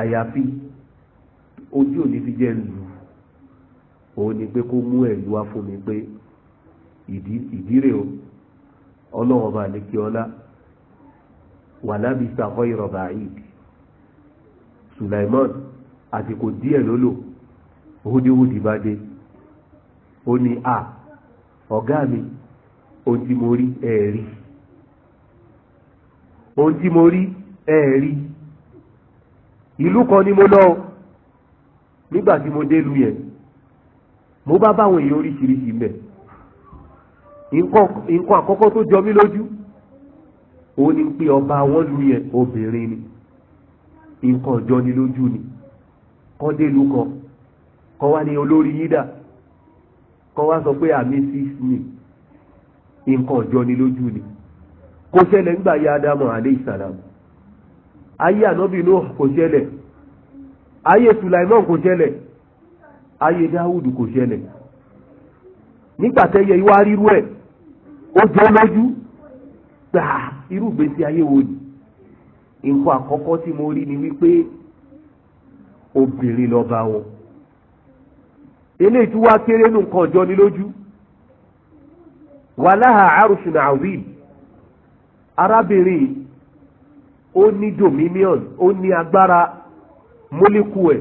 àyàfi ojú òní fi jẹ́ lù òun ni pé kó mú ẹ̀lú wá fún mi pé ìdírè o ọlọ́wọ́ bá lè kí ọlá wà lábìsà kọ́ ìrọ̀bà yìí Sulaiman àsìkò díẹ̀ ló lò húdíhúdí bá dé ó ní a ọ̀gá mi ohun tí mo rí ẹ̀ẹ́rí. Eh, ohun tí mo rí ẹ ìlú kan ni mo lọ o nígbà tí mo lu yẹn mo bá báwọn èèyàn oríṣiríṣi mbẹ nǹkan àkọ́kọ́ tó jọ mí lójú ó ní pé ọba wọn lu yẹn obìnrin ni nǹkan ọjọ́ ni lójú ni kọ́ délu kan kọ́ wá ní olórí yídà kọ́ wá sọ pé àmì six ni nǹkan ọjọ́ ni lójú ni kò ṣẹlẹ̀ nígbà ya Adamu alayhi salam ayé ànábì Nuh kò ṣẹlẹ̀ ayé Sulaiman kò ṣẹlẹ̀ ayé Dáwùdù kò ṣẹlẹ̀ nígbà tẹ́yẹ iwá rírú ẹ̀ ó jẹ́ lójú gbà irú ayé wo ni nǹkan àkọ́kọ́ tí mo rí ni wípé obìnrin lọ́ba wọn eléyìí tí wàá kéré nù nǹkan arábìnrin ó ní dominion ó ní agbára molecule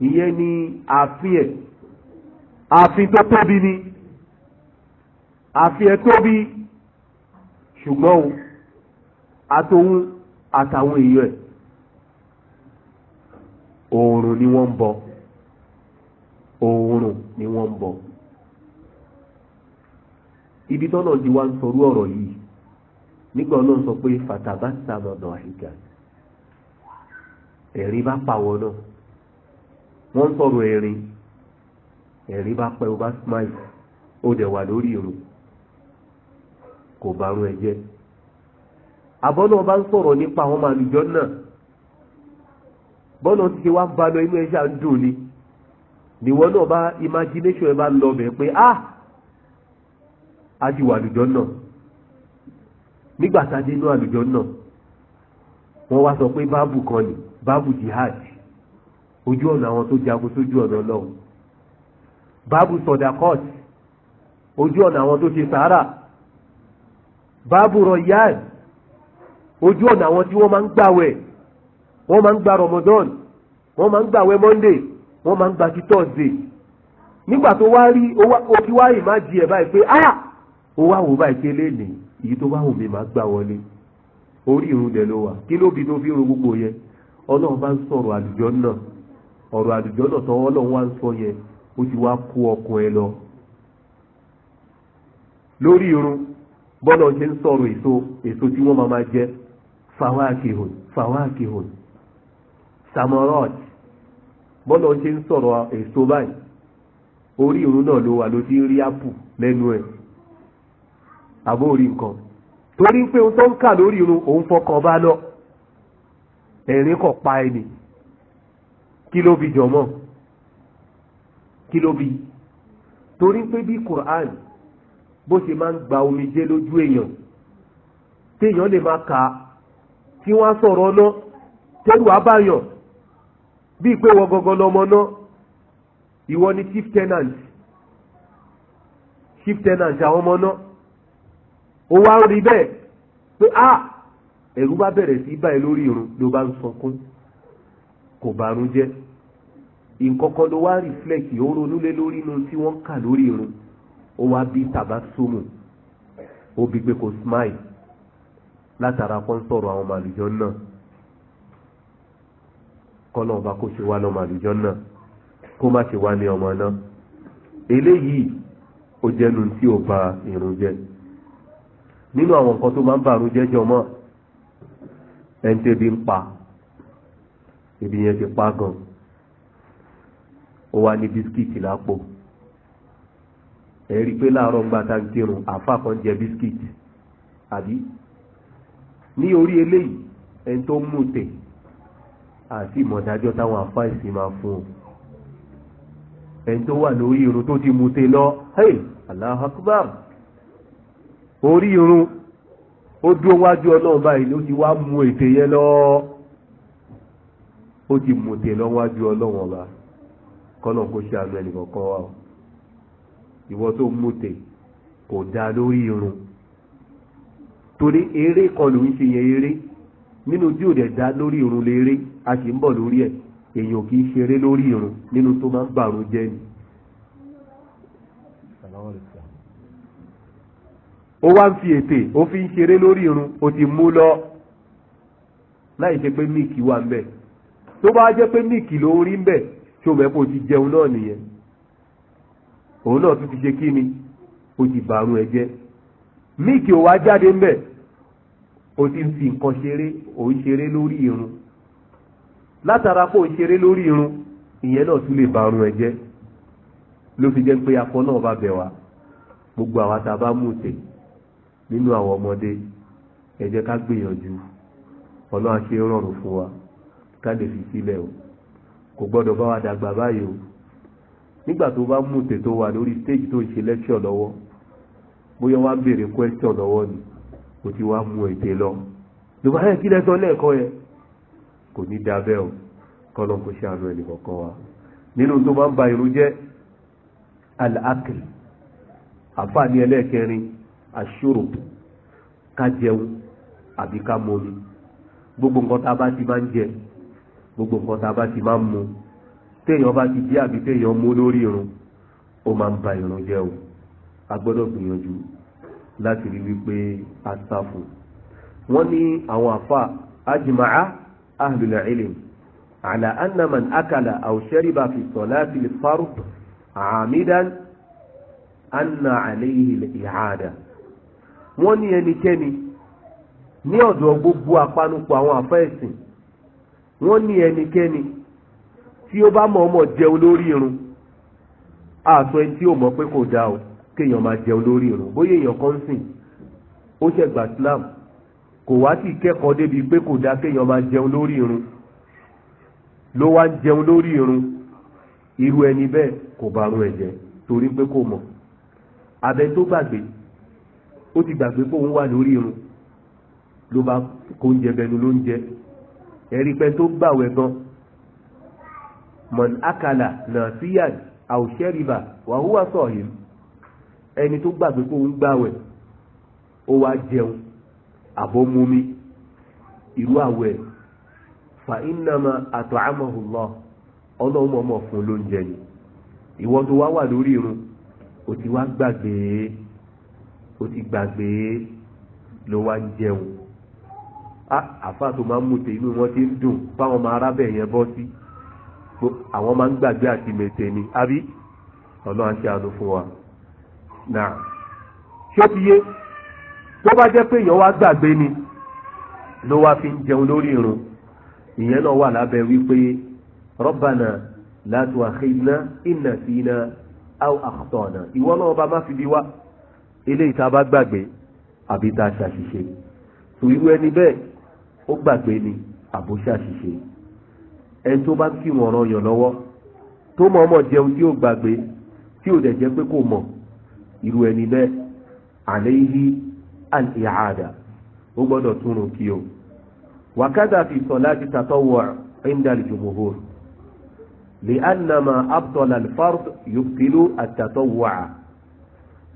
ìyẹn ni ààfin ẹ̀ ààfin tó tóbi ni ààfin ẹ̀ tóbi ṣùgbọ́n o àtòun àtàwọn èèyàn ẹ̀ oòrùn ni wọ́n ń bọ oòrùn ni wọ́n ń bọ ibi tọ́nà ti wá ń sọrú ọ̀rọ̀ yìí nígbà náà sọ pé fataba sàmọ̀nà àìgà ẹ̀rí bá pàwọ́ náà wọ́n sọ̀rọ̀ ẹ̀rín ẹ̀rí bá pẹ́ o bá smile ó dẹ̀ wà lórí irun kò bá rún ẹ jẹ́ àbọ́nà bá ń sọ̀rọ̀ nípa àwọn màlúùjọ́ náà bọ́nà ti wá ba lọ inú ẹ̀ṣà ń dùn ni nìwọ náà bá imagination ẹ bá lọ bẹ̀ pé ah a ti wà lùjọ́ náà nígbà tá a dé inú àlùjọ náà wọ́n wá sọ pé báàbù kan ni báàbù jihad ojú ọ̀nà àwọn tó jagun sójú ọ̀nà náà báàbù sọ̀dàkọ́t ojú ọ̀nà àwọn tó ṣe sàárà báàbù rọ̀yàn ojú ọ̀nà àwọn tí wọ́n máa ń gbàwẹ̀ wọ́n máa ń gba Ramadan wọ́n máa ń gbàwẹ̀ Monday wọ́n máa ń gba ti Thursday nígbà tó wá rí o ìmájì ẹ̀ báyìí pé ah o wá wò báyìí èyí tó bá wù mí máa gbà wọlé orí iru dẹ̀ ló wà kí ló bi tó fi irun gbogbo yẹn ọlọ́run bá ń sọ̀rọ̀ àlùjọ náà ọ̀rọ̀ àlùjọ náà tán ọlọ́run wá ń sọ yẹn ó ti wá kó ọkàn ẹ lọ lórí irun bọ́lá ṣe ń sọ̀rọ̀ èso èso tí wọ́n máa jẹ fàwáàkìhùn samorot bọ́lá ń sọ̀rọ̀ èso báyìí orí irun náà ló wà ló ti ń rí lẹ́nu àbórí nǹkan torí pé ohun tó ń kà lórí irun òun fọkàn bá lọ ẹ̀rín kọ̀ pa ẹni kí ló bi jọ̀mọ́ kí ló bi torí pé bí Qur'an bó ṣe máa ń gba omijé lójú èèyàn téèyàn lè máa kà á tí wọ́n á sọ̀rọ̀ ọ̀nà tẹ́lù abáyọ̀ bíi pé wọ́n gangan lọ́mọ náà ìwọ ni chief tenant chief tenant àwọn ọmọ náà ó wá ń rí bẹ́ẹ̀ pé a ẹ̀rù bá bẹ̀rẹ̀ sí báyìí lórí irun ló bá ń sọkún kò bàrún jẹ́ nǹkan kan ló wá reflect ó ronú lé lórí inú tí wọ́n ń kà lórí irun ó wá bí tàbá sómù ó bí pé kò smile látara kan sọ̀rọ̀ àwọn màlúùjọ náà kọ́nà ọba kò ṣe wá lọ́mọ àlùjọ náà kó má ṣe wá ní ọmọ náà eléyìí ó jẹ́nu tí ò bà irun jẹ́ nínú àwọn nǹkan tó máa ń bàrú jẹ́jọ́ mọ́ ẹni tó ebi ń pa ebi yẹn ti pa gan ó wá ní bisikíìtì lápò ẹ rí i pé láàárọ̀ ń gba tankirun àáfà kan jẹ bisikíìtì àbí ní orí eléyìí ẹni tó mú tè àti ìmọ̀dájọ́ táwọn àáfà ìsìn máa fún un tó wà lórí irun tó ti mú tè lọ hey Allahu Akbar. orí irun ó dúró wájú ọlọ́run báyìí ló ti wá mú ètè yẹn lọ ó ti mú ètè lọ́wọ́ wájú ọlọ́run ọba kọ́nà kó ṣe àmì wa ìwọ tó mú ètè kò dá lórí irun torí eré kan ló ṣe yẹn eré nínú tí ò dẹ̀ dá lórí irun lè eré a sì ń bọ̀ lórí ẹ̀ èèyàn kì í ṣeré lórí irun nínú tó máa ń bàrún jẹ́ ni. ó wá ń fi ètè ó fi ń ṣeré lórí irun ó ti mú lọ láì ṣe pé míìkì wà ń bẹ tó bá jẹ́ pé míìkì ló ń rí ń bẹ tí ó mẹ́kò ti jẹun náà nìyẹn òun náà tún ti ṣe kí ni ó ti bàrún ẹ jẹ́ míìkì ò wá jáde ń bẹ ó ti ń fi nǹkan ṣeré ó ń ṣeré lórí irun látara pé ń ṣeré lórí irun ìyẹn náà tún lè bàrún ẹ ló fi jẹ́ pé akọ náà bá bẹ̀ wá gbogbo àwa tá a bá mú un nínú àwọn ọmọdé ẹ jẹ́ ká gbìyànjú ọlọ́run ṣe rọrùn fún wa ká lè fi sílẹ̀ o kò gbọ́dọ̀ bá wa dàgbà báyìí o nígbà tó bá mú tètò wà lórí stage tó ń ṣe lecture lọ́wọ́ bóyá wá ń béèrè question lọ́wọ́ ni kò ti wá mú ètè lọ lọ́wọ́ ẹ̀ kí lẹ́sọ lẹ́ẹ̀kọ́ yẹn kò ní dábẹ́ o kọ́nà kò ṣàánú ẹnì kọ̀ọ̀kan wa nínú tó bá ń ba irun jẹ́ al àfààní ẹlẹ́ẹ̀kẹrin àṣòro ká jẹun àbí ká mọmi gbogbo nǹkan tá a bá ti máa ń jẹ gbogbo nǹkan tá a bá ti máa ń mu téèyàn bá ti jẹ àbí téèyàn mú lórí irun ó máa ń ba irun jẹ o a gbọ́dọ̀ gbìyànjú láti rí wípé a sá wọn ní àwọn àfa ajimaa ahlul ilm ala anna akala aw shariba fi salati al amidan anna alayhi al wọ́n ní ẹnikẹ́ni ní ọ̀dọ̀ gbogbo àpanupọ̀ àwọn àfẹ́ẹ̀sìn wọ́n ní ẹnikẹ́ni tí ó bá mọ̀ọ́mọ̀ jẹun lórí irun àtọ́ ẹni tí ó mọ̀ pé kò dáa o kéèyàn máa jẹun lórí irun bóyá èèyàn kan ń sìn ó ṣẹ̀gbà Islam kò wá sí kẹ́kọ̀ọ́ débi pé kò dáa kéèyàn máa jẹun lórí irun ló wá ń jẹun lórí irun irú ẹni bẹ́ẹ̀ kò bá run ẹ̀jẹ̀ torí pé kò mọ̀ abẹ tó gbàgbé ó ti gbàgbé fóun wà lórí irun ló bá kó oúnjẹ bẹnu ló ń jẹ ẹ̀rí pẹ́ tó gbàwẹ̀ gan mọ̀n akala náà síyàn àwòṣẹ́rìbà wàhúwà sọ̀hìn ẹni tó gbàgbé fóun gbàwẹ̀ ó wá jẹun àbọ̀ mumi àwẹ̀ fa innama at'amahu Allah ọlọ́run fún lóúnjẹ ni ìwọ́n tó wá wà lórí irun ó ti wá gbàgbé ó ti gbàgbé ló wá ń jẹun àfa tó máa ń mú tèmi wọn ti ń dùn báwọn máa rábẹ̀ yẹn bọ́ sí àwọn máa ń gbàgbé àti mètè ni àbí ọlọ́run ṣe àánú fún wa náà ṣé ó ti yé tó bá jẹ́ pé èèyàn wá gbàgbé ni ló wá fi ń jẹun lórí irun ìyẹn náà wà lábẹ́ wípé rọ́bànà látò àkèyìnà ìnàsínà àwọn àkùtọ̀ọ̀nà ìwọ náà bá má fi bí wá eléyìí tá a bá gbàgbé àbí tá a ṣàṣìṣe tó irú ẹni bẹ́ẹ̀ ó gbàgbé ni àbó ṣàṣìṣe ẹni tó bá kí wọn ọ̀ràn yàn lọ́wọ́ tó mọ̀ ọmọ jẹun tí ó gbàgbé tí ò dẹ̀ jẹ́ pé kò mọ̀ irú ẹni bẹ́ẹ̀ àléhí àlìyàádà ó gbọ́dọ̀ túnrun kí o wàkádà fi sọ̀láàtì tàtọ́wọ̀ indal jumhur li annama abtala al-fard yubtilu at-tatawwa'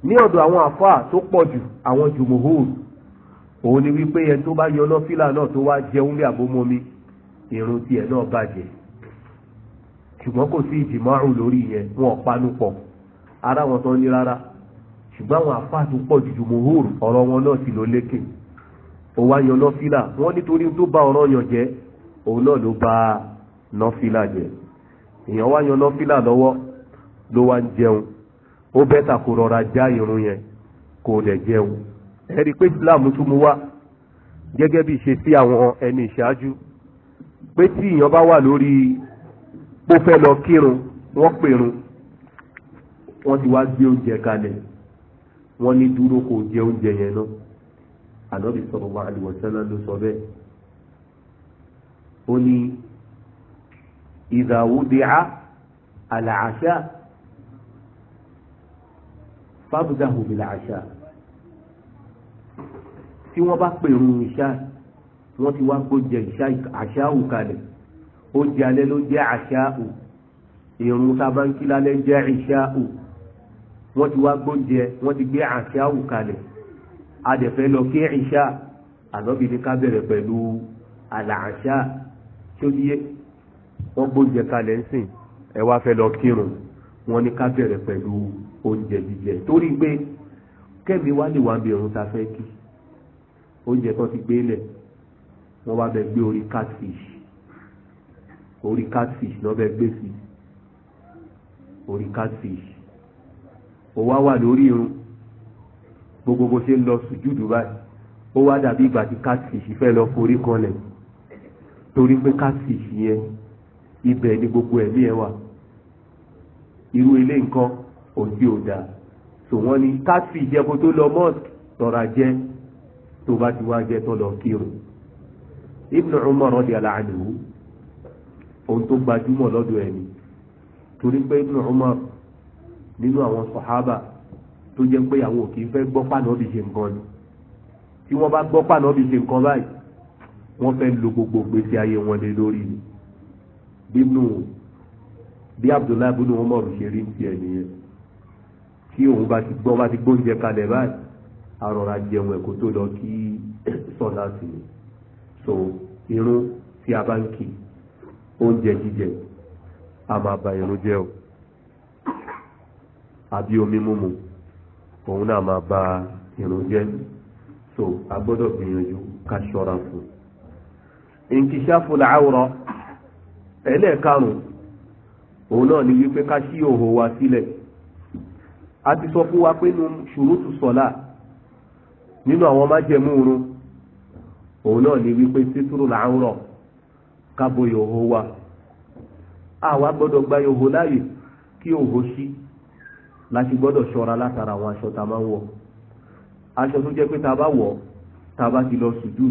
ní ọ̀dọ̀ àwọn àfáà tó pọ̀ jù àwọn jùmọ̀hóòrù òun ni wípé ẹni tó bá yọ fílà náà tó wá jẹun bí àbómọ́mi irun tiẹ̀ náà bàjẹ́ ṣùgbọ́n kò sí ìjìmọ̀rùn lórí yẹn wọn panu pọ̀ ara wọn tán ní rárá ṣùgbọ́n àwọn àfáà tó pọ̀ jù ọ̀rọ̀ wọn náà sì ló lékè ó wá yọ wọn nítorí tó bá ọ̀rọ̀ yàn òun náà ló bá èèyàn wá yọ lọ́wọ́ ó bẹ́tà kó rọra já irun yẹn kó dẹ̀ jẹun ẹ̀rí pé islam tún mú wá gẹ́gẹ́ bí ṣe sí àwọn ẹni ìṣáájú pé tí èèyàn bá wà lórí pó fẹ́ lọ kírun wọ́n pèrun wọ́n ti wá gbé oúnjẹ kalẹ̀ wọ́n ní dúró kó jẹ oúnjẹ yẹn náà ànábì sallallahu alaihi wasallam ló sọ bẹ́ẹ̀ ó ní idha wudi'a al fábùdáhù bìlà àṣà tí wọ́n bá pèrò ìṣá wọ́n ti wá gbójẹ ìṣá àṣà ò kalẹ̀ ó jẹ alẹ́ ló jẹ́ àṣà ò ìrun sábàǹkì lálẹ́ jẹ́ ìṣá ò wọ́n ti wá gbójẹ wọ́n ti gbé àṣà ò kalẹ̀ adẹ̀fẹ́ lọ kí ìṣá ànábìíní ká bẹ̀rẹ̀ pẹ̀lú àlàáṣá tí ó yé wọ́n gbójẹ kalẹ̀ ẹ wá fẹ́ lọ kírun wọ́n ní ká bẹ̀rẹ̀ pẹ̀lú oúnjẹ jíjẹ torí pé kẹ́mi wá lè wá bí irun ta fẹ́ kí oúnjẹ tó ti gbé lẹ̀ wọ́n wá bẹ gbé orí catfish orí catfish lọ́ bẹ gbé sí orí catfish ó wá wà lórí irun gbogbo bó ṣe ń lọ sùjúdù báyìí ó wá dàbí ìgbà tí catfish fẹ́ lọ forí kanlẹ̀ torí pé catfish yẹn ibẹ̀ ni gbogbo ẹ̀mí ẹ wà irú ilé nǹkan òsì òdà so wọ́n ní káfí ìjẹko tó lọ mọ́ọ̀sì tọ́ra jẹ́ tó bá ti wá jẹ́ tó lọ kírun Ibn Umar radiyallahu anhu ohun tó gbajúmọ̀ lọ́dọ̀ ẹni torí pé Ibn Umar nínú àwọn sàhábà tó jẹ́ pé àwọn òkè fẹ́ gbọ́ pàná bí ṣe nǹkan ni tí wọ́n bá gbọ́ pàná bí ṣe nǹkan báyìí wọ́n fẹ́ lo gbogbo gbèsè ayé wọn lé lórí ni bí Abdullahi bínú Umar ṣe rí ti ẹ̀ nìyẹn tí òun bá ti gbọ́ bá ti gbóúnjẹ kalẹ̀ báyìí arọra jẹun ẹ̀kọ́ tó lọ kí (coughs) sọ̀lá sí i so irun tí a bá ń kì oúnjẹ jíjẹ a máa ba irun jẹ́ o àbí omi múmu òun náà máa ba irun jẹ́ so a gbọ́dọ̀ gbìyànjú ká ṣọ́ra fún un nkìṣàfù làwùrọ̀ ẹlẹ́ẹ̀karùn-ún òun náà ni wípé ká ṣí òhò wa sílẹ̀. Si a ti sọ fún wa pé nu ṣùrùtù sọ̀lá nínú àwọn májẹ̀mú oorun òun náà ní wípé títúrò là ń rọ̀ kábo yòówó wa àwa gbọ́dọ̀ gba yòówó láàyè kí òwò sí láti gbọ́dọ̀ ṣọ́ra látara àwọn aṣọ tá a máa ń wọ̀ aṣọ tó jẹ́ pé tá a bá wọ̀ tá a bá ti lọ sùjúdù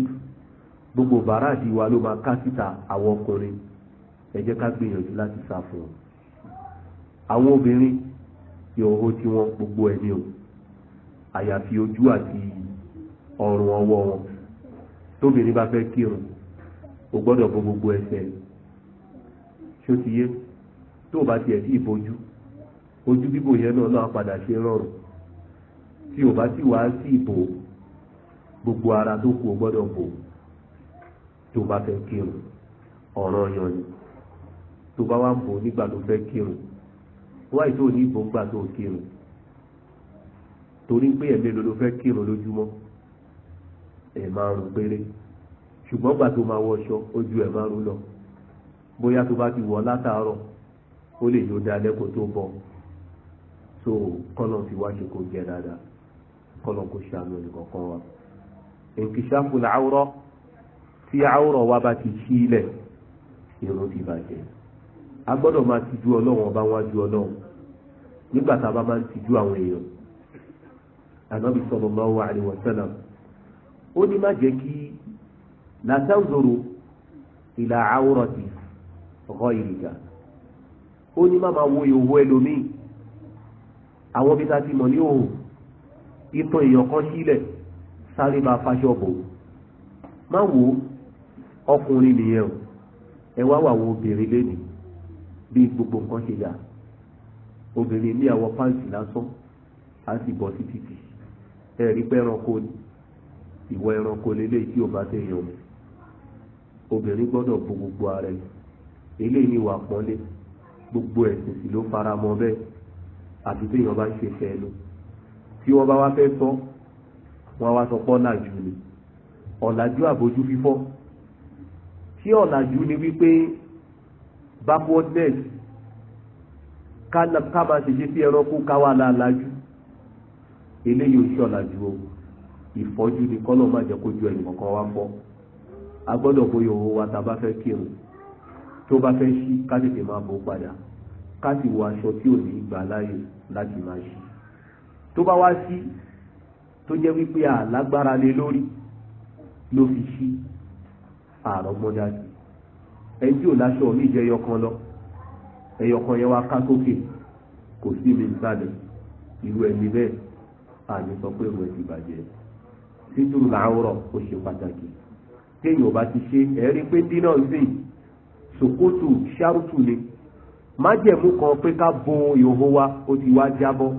gbogbo bàárà di wa ló máa ká síta àwọn ọkùnrin ẹ jẹ́ ká gbìyànjú láti sá fún un àwọn obìnrin ìhòhò tí wọ́n gbogbo ẹ̀ ní o àyàfi ojú àti ọrùn ọwọ́ wọn tóbìnrin bá fẹ́ kírun o gbọ́dọ̀ bo gbogbo ẹsẹ̀ ṣó ti yé tó o bá tiẹ̀ sí ìbojú ojú bíbò yẹn náà náà padà ṣe rọrùn tí o bá sì wá sí ìbò gbogbo ara tó kù o gbọ́dọ̀ bò tó o bá fẹ́ kírun ọ̀ràn yàn ni tó o bá wá ń bò nígbà tó fẹ́ kírun wáyé tó ní ìbò ń gbà tó kírun torí pé ẹ̀mí ló ló fẹ́ kírun lójúmọ́ ẹ̀ márùn péré ṣùgbọ́n gbà tó máa wọṣọ ojú ẹ̀ márùn lọ bóyá tó bá ti wọ̀ látàárọ̀ ó lè yóò dalẹ́ kó tó bọ̀ so kọ́nà fi wá ṣe kó jẹ dáadáa kọ́nà kó ṣàánú ẹnìkọ̀ọ̀kan wa ìnkìṣàfù làwùrọ̀ tí àwùrọ̀ wa bá ti ṣí ilẹ̀ irun ti bàjẹ́ a gbọ́dọ̀ máa tijú ọlọ́run ọba wájú ọlọ́run nígbà tá a bá máa ń tijú àwọn èèyàn ànábì sallallahu alaihi wasallam ó ní má jẹ́ kí la tanzuru ila awrati ghayrika ó ní má máa wo ìhòòhò ẹlòmíì àwọn bí ta ti mọ̀ ní òhùn ìtàn èèyàn kan sílẹ̀ sáré bá faṣọ bò má wo ọkùnrin nìyẹn o ẹ wá wà wo obìnrin lénìí bí gbogbo nǹkan ṣe yà obìnrin ní àwọ̀ pàǹtì lásán á sì bọ́ sí títì ẹ̀rí pé ẹranko ni ìwọ ẹranko lélẹ́yìí tí o bá tẹ̀ yàn obìnrin gbọ́dọ̀ bo gbogbo ara ẹ̀ eléyìí ni ìwà pọ́nlé gbogbo ẹ̀sìn sì ló fara mọ́ bẹ́ẹ̀ àti tí èèyàn bá ń ṣe fẹ́ lọ tí wọ́n bá wá fẹ́ sọ wọ́n wá sọ pé ọ̀làjú ni ọ̀làjú àbójú fífọ́ tí ọ̀làjú ni wípé backwardness ká máa ṣe ṣe sí ẹranko ká wà láàlájú eléyìí ò ṣe ọ̀làjú o ìfọ́jú ni kọ́nà má jẹ́ kó ju ẹ̀yìn kọ̀ọ̀kan wá fọ́ a gbọ́dọ̀ bóyá owó wa ta bá fẹ́ kírun tó bá fẹ́ ṣí ká tètè máa bò padà ká sì wọ aṣọ tí ò ní gbà láàyè láti máa ṣí tó bá wá sí tó jẹ́ wípé àlágbára lé lórí ló fi ṣí àrọ́gbọ́n ẹni tí ò láṣọ mi jẹ ẹyọkan lọ ẹyọkan yẹn wá ká sókè kò sí mi nísàlẹ̀ irú ẹni bẹ́ẹ̀ àní sọ pé òun ẹ̀sìn ìbàjẹ́ títúrú làárọ̀ ó ṣe pàtàkì téèyàn bá ti ṣe ẹ̀rí pé dínà sí ṣòkòtò ṣárùtù ni májẹ̀mú kan pé ká bo ìhòhò wa ó ti wá jábọ́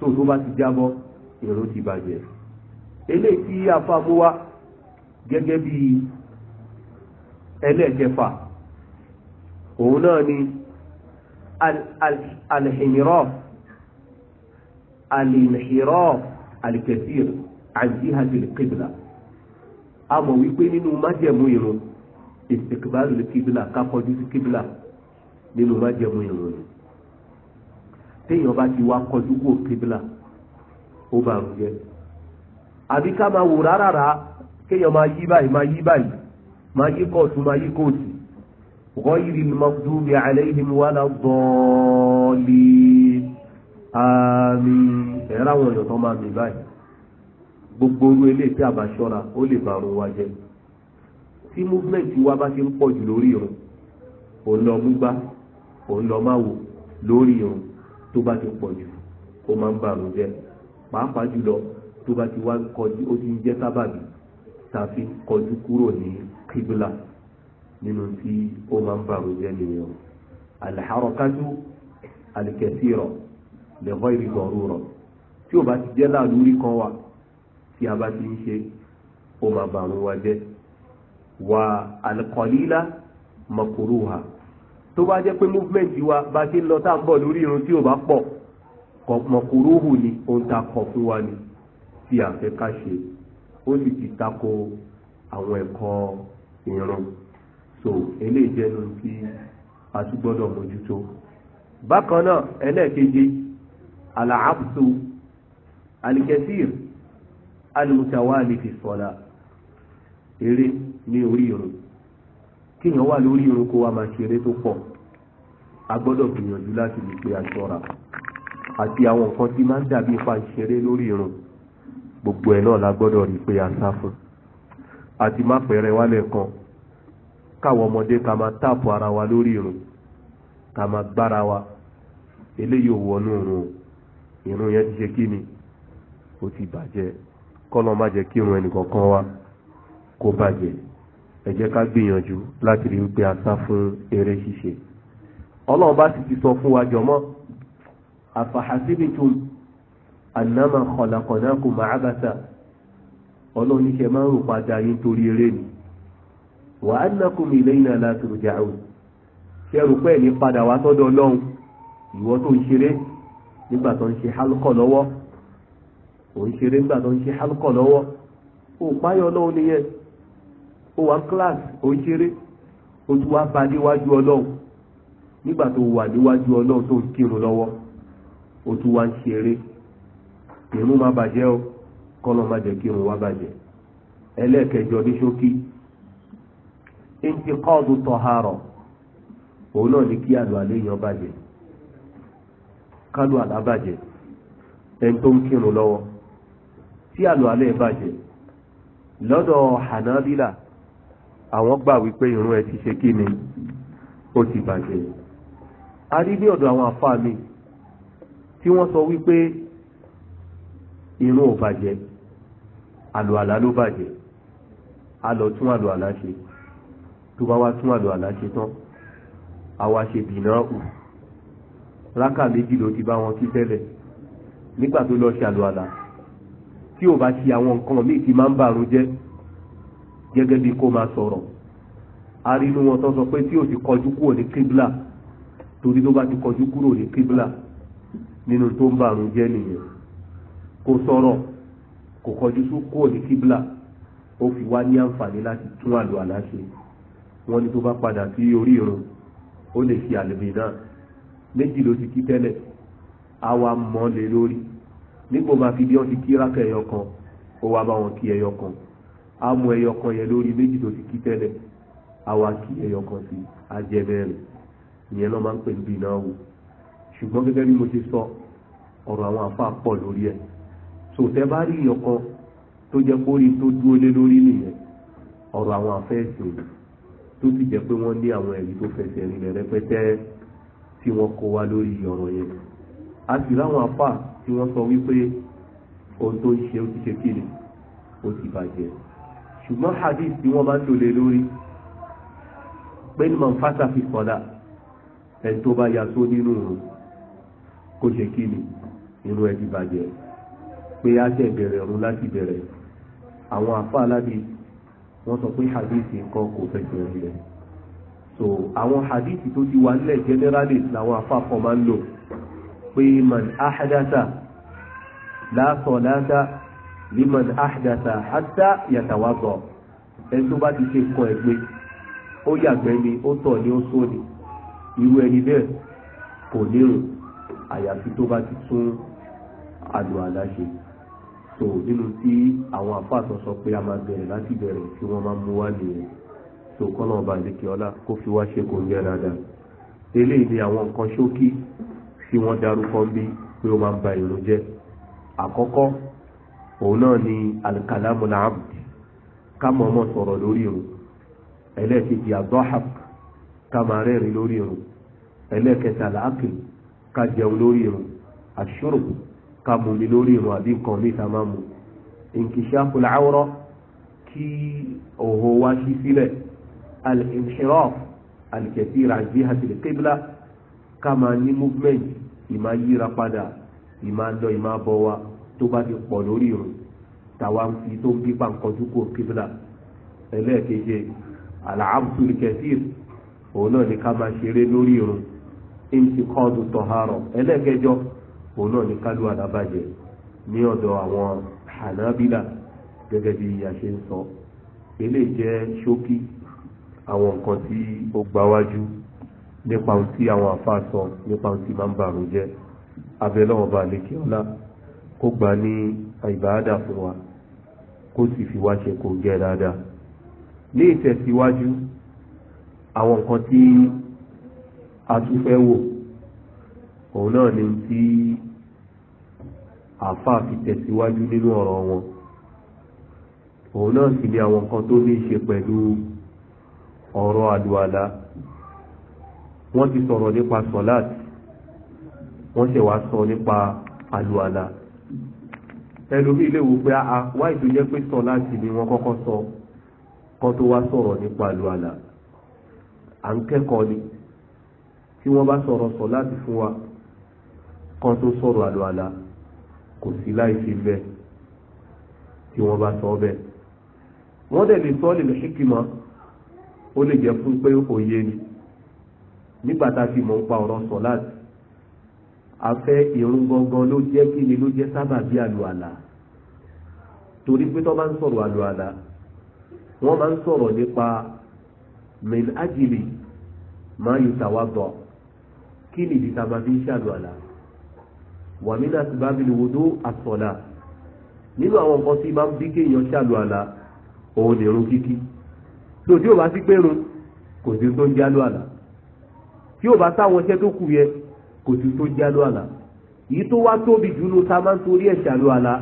tó tó bá ti jábọ́ èrò ti bàjẹ́ eléyìí tí afáfó wa gẹ́gẹ́ bí ẹlẹ́ẹ̀kẹfà òun náà ni alìhìnrọ́f alìhìnrọ́f alìkẹsìr àjíhàjìlì kìbìlà a mọ̀ wípé nínú májẹ̀mú ìrun ìsìnkìbálù kìbìlà kápọ̀jú sí kìbìlà nínú májẹ̀mú ìrun ni téèyàn bá ti wá kọjú wò kìbìlà ó bá ń jẹ àbí ká máa wò rárá kéèyàn máa yí báyìí máa yí báyìí máa yí kóòtù máa yí kóòtù غير المغضوب عليهم ولا الضالين آمين ẹ̀rá àwọn èèyàn tó máa mi báyìí gbogbo orú ilé tí a bá ṣọ́ra ó lè bá àrùn wa jẹ́ tí movement wa bá ti ń pọ̀ jù lórí irun òun lọ múgbá òun lọ máa wò lórí irun tó bá ti pọ̀ jù ó máa ń bá àrùn jẹ́ pàápàá jùlọ tó bá ti wá kọjú ó ti ń jẹ́ sábàbí tá kọjú kúrò ní kíbla nínú tí ó máa ń bàrò jẹ́ nìyẹn o alḥarakatu alikẹsirọ lẹkọ ìrìgọrù rọ tí o bá ti jẹ́ láàlúrí kan wa tí a bá ti ń ṣe ó máa bàrò wa jẹ́ wa alikọlila makuruha tó bá jẹ́ pé movement wa bá ti ń lọ tá à ń bọ̀ lórí irun tí o bá pọ̀ makuruhu ni ó ń ta kọ̀ fún wa ni tí a fẹ́ ká ṣe ó sì ti tako àwọn ẹ̀kọ́ ìrun so eléyìí jẹ́ ló ti a tún gbọ́dọ̀ mójútó bákan náà ẹlẹ́ẹ̀kejì alaabsu alikẹsir alimutawali fi sọlá eré ní orí irun kíyàn wà lórí irun kó wa máa ṣeré tó pọ̀ a gbọ́dọ̀ gbìyànjú láti lè pe aṣọra àti àwọn nǹkan tí máa ń dàbí ipa ìṣeré lórí irun gbogbo ẹ̀ náà la gbọ́dọ̀ rí pé a sá fún àti má pẹ̀rẹ̀ wálẹ̀ kan káwọn ọmọdé ká máa táàpù ara wa lórí irun ká máa gbára wa eléyìí ò wọnú irun irun yẹn ti ṣe kí ni ó ti bàjẹ́ kọ́lọ́ má jẹ́ kí irun ẹnìkankan wa kó bàjẹ́ ẹ jẹ́ ká gbìyànjú láti rí wípé a sá fún eré ṣíṣe ọlọ́run bá sì ti sọ fún wa jọmọ́ àfàhásíbìtún annama khalaqnakum ma'abasa ọlọ́run ní ṣe máa ń rò padà yín torí eré ni wa annakum ilayna la turja'un ṣẹ́rù pẹ́ ní padà wá sọ́dọ̀ ọlọ́run ìwọ tó ń ṣeré nígbà tó ń ṣe hálùkọ̀ lọ́wọ́ ò ń ṣeré nígbà tó ń ṣe hálùkọ̀ lọ́wọ́ ò páyọ̀ ọlọ́run nìyẹn ó wà kíláàsì ó ń ṣeré ó tún wá bá níwájú ọlọ́run nígbà tó wà níwájú ọlọ́run tó ń kírun lọ́wọ́ ó tún wá ń ṣeré ìrún má o má jẹ́ intiqadu tahara òun náà ní kí àlọ́ àlẹ́ yẹn bàjẹ́ kálù àlá bàjẹ́ ẹni tó ń kírun lọ́wọ́ tí àlọ́ àlẹ́ bàjẹ́ lọ́dọ̀ Hanabila àwọn gbà wípé irun ẹ ti ṣe kí ni ó ti bàjẹ́ a rí ní ọ̀dọ̀ àwọn àfáà mi tí wọ́n sọ wípé irun ò bàjẹ́ àlọ́ àlá ló bàjẹ́ a tún àlọ́ àlá ṣe tó bá wá tún àlọ́ àlá ṣe tán àwa ṣe bìnà ù rákà méjì ló ti bá wọn kí tẹ́lẹ̀ nígbà tó lọ ṣe àlọ́ àlá tí ò bá ṣe àwọn nǹkan míì ti máa ń bàrún jẹ́ gẹ́gẹ́ bí kó máa sọ̀rọ̀ arínú wọn tó sọ pé tí ò ti kọjú kúrò ní kíbla torí tó bá ti kọjú kúrò ní kíbla nínú tó ń bàrún jẹ́ nìyẹn kò sọ̀rọ̀ kò kọjú kúrò ní kíbla ó fi wá ní àǹfààní láti tún àlọ́ àlá ṣe wọ́n ní tó bá padà sí orí irun ó lè ṣe àlèmí náà méjì ló ti kí tẹ́lẹ̀ á wá mọ́ lé lórí nígbò máa fi bí wọ́n ti kí rákẹ́ ẹyọ kan ó wá bá wọn kí ẹyọ kan á mú ẹyọ kan yẹn lórí méjì tó ti kí tẹ́lẹ̀ á kí ẹyọ kan sí ajẹ́bẹ̀rẹ̀ ìyẹn lọ́ máa ń pè níbi náà ṣùgbọ́n gẹ́gẹ́ bí mo ti sọ ọ̀rọ̀ àwọn àfa pọ̀ lórí ẹ̀ sòtẹ́ bá rí ìyọ̀kan tó jẹ́ kórìí tó dúró lé lórí nìyẹn ọ̀rọ̀ àwọn àfẹ́ ìṣòro tó sì jẹ́ pé wọ́n ní àwọn ẹ̀rí tó fẹsẹ̀ rinlẹ̀ rẹpẹtẹ tí wọ́n kó wá lórí ọ̀rọ̀ yẹn a sì láwọn afá tí wọ́n sọ wípé ohun tó ń ṣe ó ti ṣe kíni ó ti bàjẹ́ ṣùgbọ́n hadith tí wọ́n bá ń lòlẹ̀ lórí pé ní màá fásà fi sọ̀dà ẹni tó bá ya só nínú òun kó ṣe kíni nínú ẹ ti bàjẹ́ pé á tẹ̀ bẹ̀rẹ̀ ọ̀run láti bẹ̀rẹ̀ àwọn afá aládìí wọ́n sọ pé hadithi nǹkan kò fẹsẹ̀ rinlẹ̀ so àwọn hadithi tó ti wà nílẹ̀ generally làwọn afáfọ́ máa ń lò pé man ahdatha la salata liman ahdatha hatta yatawadda ẹni tó bá ti ṣe nǹkan ẹ̀gbin ó yàgbẹ́ ni ó tọ̀ ni ó só ni irú ẹni bẹ́ẹ̀ kò lérò àyàfi tó bá ti tún àlò àlá so nínú tí àwọn àfáàtọ̀ sọ pé a máa bẹ̀rẹ̀ láti bẹ̀rẹ̀ tí wọ́n máa mú wá nìyẹn tó kọ́nà ọba àdékè ọlá kó fi wá ṣe kò ń gẹ́ dáadáa eléyìí ni àwọn nǹkan ṣókí tí wọ́n darúkọ ń bí pé ó máa ń ba ìrun jẹ́ àkọ́kọ́ òun náà ni alikalamu laabd ká mọ̀ọ́mọ̀ sọ̀rọ̀ lórí ìrun ẹlẹ́ẹ̀kejì abdulhaq ká máa rẹ́rìn lórí ìrun ẹlẹ́ẹ̀kẹta làákì ká jẹun lórí ìrun àṣùrù ká mú mi lórí ìrùn àbí nǹkan mi ta máa mú inkishaful awra kí òhò wá sí sílẹ̀ al-inhiraf al-kathir an jihatil qibla ká máa ní movement ìmá yíra padà ìmá lọ ìmá bọ̀ wá tó bá ti pọ̀ lórí ìrùn tàwa ń fi tó ń bí pàǹkọ́jú kó kíbla ẹlẹ́ẹ̀keje al-absul òun náà ni ká máa ṣeré lórí ìrùn intiqadu tahara ẹlẹ́ẹ̀kẹjọ òun náà ní kálù alábàjẹ́ ní ọ̀dọ̀ àwọn hànábìlà gẹ́gẹ́ bí a ṣe ń sọ eléyìí jẹ́ ṣókí àwọn nǹkan tí ó gbáwájú nípa ohun tí àwọn àfa sọ nípa ohun tí máa ń bàrún jẹ́ abẹ́lọ́wọ̀n bá lékè ọlá kó gbà ní ìbáadà fún wa kó sì fi wá ṣe kò jẹ́ dáadáa ní ìtẹ̀síwájú àwọn nǹkan tí a tún fẹ́ wò òun náà ni tí àáfàá fi tẹ̀síwájú nínú ọ̀rọ̀ wọn òun náà sì ni àwọn nǹkan tó ní í ṣe pẹ̀lú ọ̀rọ̀ àlùwàlá wọ́n ti sọ̀rọ̀ nípa sọ̀láàt wọ́n ṣe wá sọ nípa àlùwàlá ẹlòmíì lè wò pé a wáyé tó jẹ́ pé sọ̀láàt ni wọ́n kọ́kọ́ sọ kan tó wá sọ̀rọ̀ nípa àlùwàlá à ń kẹ́kọ̀ọ́ ni tí wọ́n bá sọ̀rọ̀ sọ̀láàt fún wa kan tó sọ̀rọ̀ àlùwàlà kò sí láì fi bẹ́ẹ̀ tí wọ́n bá sọ bẹ́ẹ̀ wọ́n dẹ̀ lè sọ lè lè ṣíkìmọ́ ó lè jẹ́ fún pé òye ni nígbà tá a fi mọ̀ ń pa ọ̀rọ̀ sọ láti afẹ́ ìrun gangan ló jẹ́ kí ni ló jẹ́ sábà bí àlùwàlà torí pé tó bá ń sọ̀rọ̀ àlùwàlà wọ́n máa ń sọ̀rọ̀ nípa min ajili máa yùtàwá bọ̀ kí ni ìdí tá a máa fi ń ṣàlùwàlà wà mí náà sì bá bí lòwòdó àsọ̀là nínú àwọn nǹkan tí máa ń bí kéèyàn ṣàlù àlà òun lè run kíkí tó tí ò bá sí pé run kò sí tó ń jálù àlà tí ò bá sáwọn iṣẹ́ tó kù yẹ kò sí tó ń jálù àlà yìí tó wá tóbi jù ló ta máa ń torí ẹ̀ ṣàlù àlà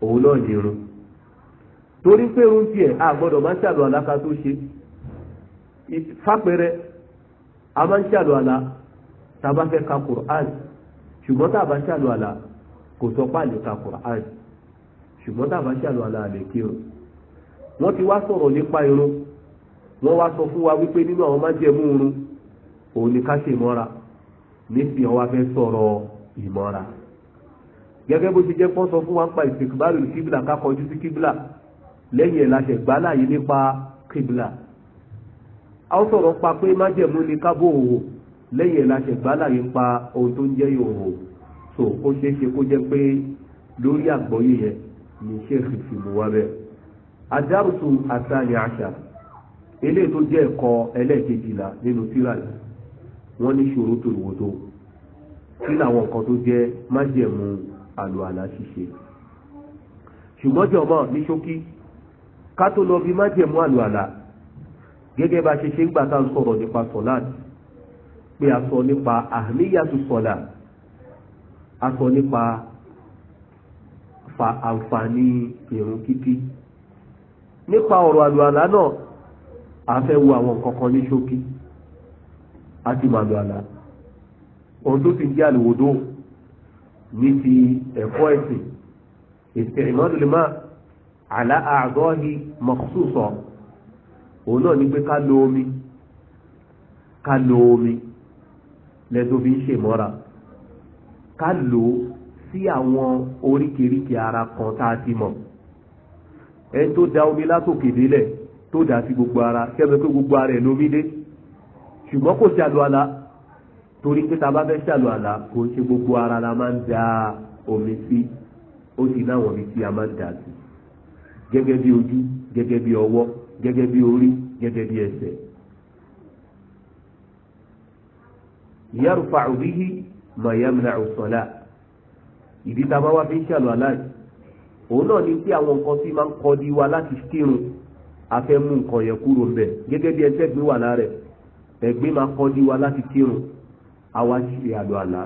òun náà lè run torí pé run tiẹ̀ a gbọ́dọ̀ máa ń ṣàlù àlà ká tó ṣe fápẹ́rẹ́ a máa ń ṣàlù àlà tá a bá fẹ́ ka Qur'an ṣùgbọ́n tá a bá ń ṣàlù àlà kò sọ pé àlè ka Qur'an ṣùgbọ́n tá a bá ń ṣàlù àlà àlè kírun wọ́n ti wá sọ̀rọ̀ nípa irun wọ́n wá sọ fún wa wípé nínú àwọn májẹ̀mú irun òun ni ká ṣe ìmọ́ra nífi àwọn afẹ́ sọ̀rọ̀ ìmọ́ra gẹ́gẹ́ bó ṣe jẹ́ pọ́n sọ fún wa ń pa ìsìnkúbárì kíbla ká kọjú sí kíbla lẹ́yìn ẹ̀ láṣẹ gbálàyé nípa kíbla a ó sọ̀rọ̀ pa pé májẹ̀mú ni ká òwò lẹ́yìn láti gbálàyé pa ohun tó ń jẹ́ yòòhò so ó ṣeé ṣe kó jẹ́ pé lórí àgbọ́yé yẹn ní ṣéèkì fi mú wa bẹ́ẹ̀. adárusu àtàlẹ̀ àṣà eléyìí tó jẹ́ ẹ̀kọ́ ẹlẹ́ẹ̀kejìlá nínú tírà yìí wọ́n ní ṣòro tó wò tó kí làwọn nǹkan tó jẹ́ májẹ̀mú àlùalá ṣíṣe ṣùgbọ́n jọ̀mọ́ ní ṣókí ká tó lọ fi májẹ̀mú àlùalá gẹ́gẹ́ bá ṣe ṣe ń gbà tá à sọ̀rọ̀ nípa sọ̀láàdì pé a sọ nípa àmìyàtú sọ̀là a sọ nípa fa àǹfààní ìrun kíkí nípa ọ̀rọ̀ àlùalá náà a fẹ́ wo àwọn nǹkan kan ní ṣókí a ti máa lùalá ohun tó ti jẹ́ àlùwòdó ní ti ẹ̀kọ́ ẹ̀sìn ìsìnrìnàdù lè máa àlá àgọ́hì mọ̀kúsù òun náà ní pé ká lo omi ká lo omi lẹ́tọ́ fi ń ṣèmọ́ra ká lò ó sí àwọn oríkèéríkèé ara kan tá a ti mọ̀ ẹ tó da omi látòkè délẹ̀ tó dà sí gbogbo ara kẹ́mi pé gbogbo ara ẹ̀ lómi dé ṣùgbọ́n kò ṣàlù àlá torí pé ta bá fẹ́ ṣàlù àlá kò ń ṣe gbogbo ara la máa ń da omi sí ó sì láwọn ibi tí a máa ń dà sí gẹ́gẹ́ bí ojú gẹ́gẹ́ bí ọwọ́ gẹ́gẹ́ bí orí gẹ́gẹ́ bí ẹsẹ̀ yarfa'u bihi ma yamna'u salat ìdí tá a bá wá fi ń ṣàlọ́ aláàjì òun náà ni pé àwọn nǹkan tí máa ń kọ́ di wa láti kírun a fẹ́ mú nǹkan yẹn kúrò ń bẹ̀ gẹ́gẹ́ bí ẹgbẹ́ gbé wà lára ẹgbẹ́ máa di wa láti kírun a wá ṣe àlọ́ àlá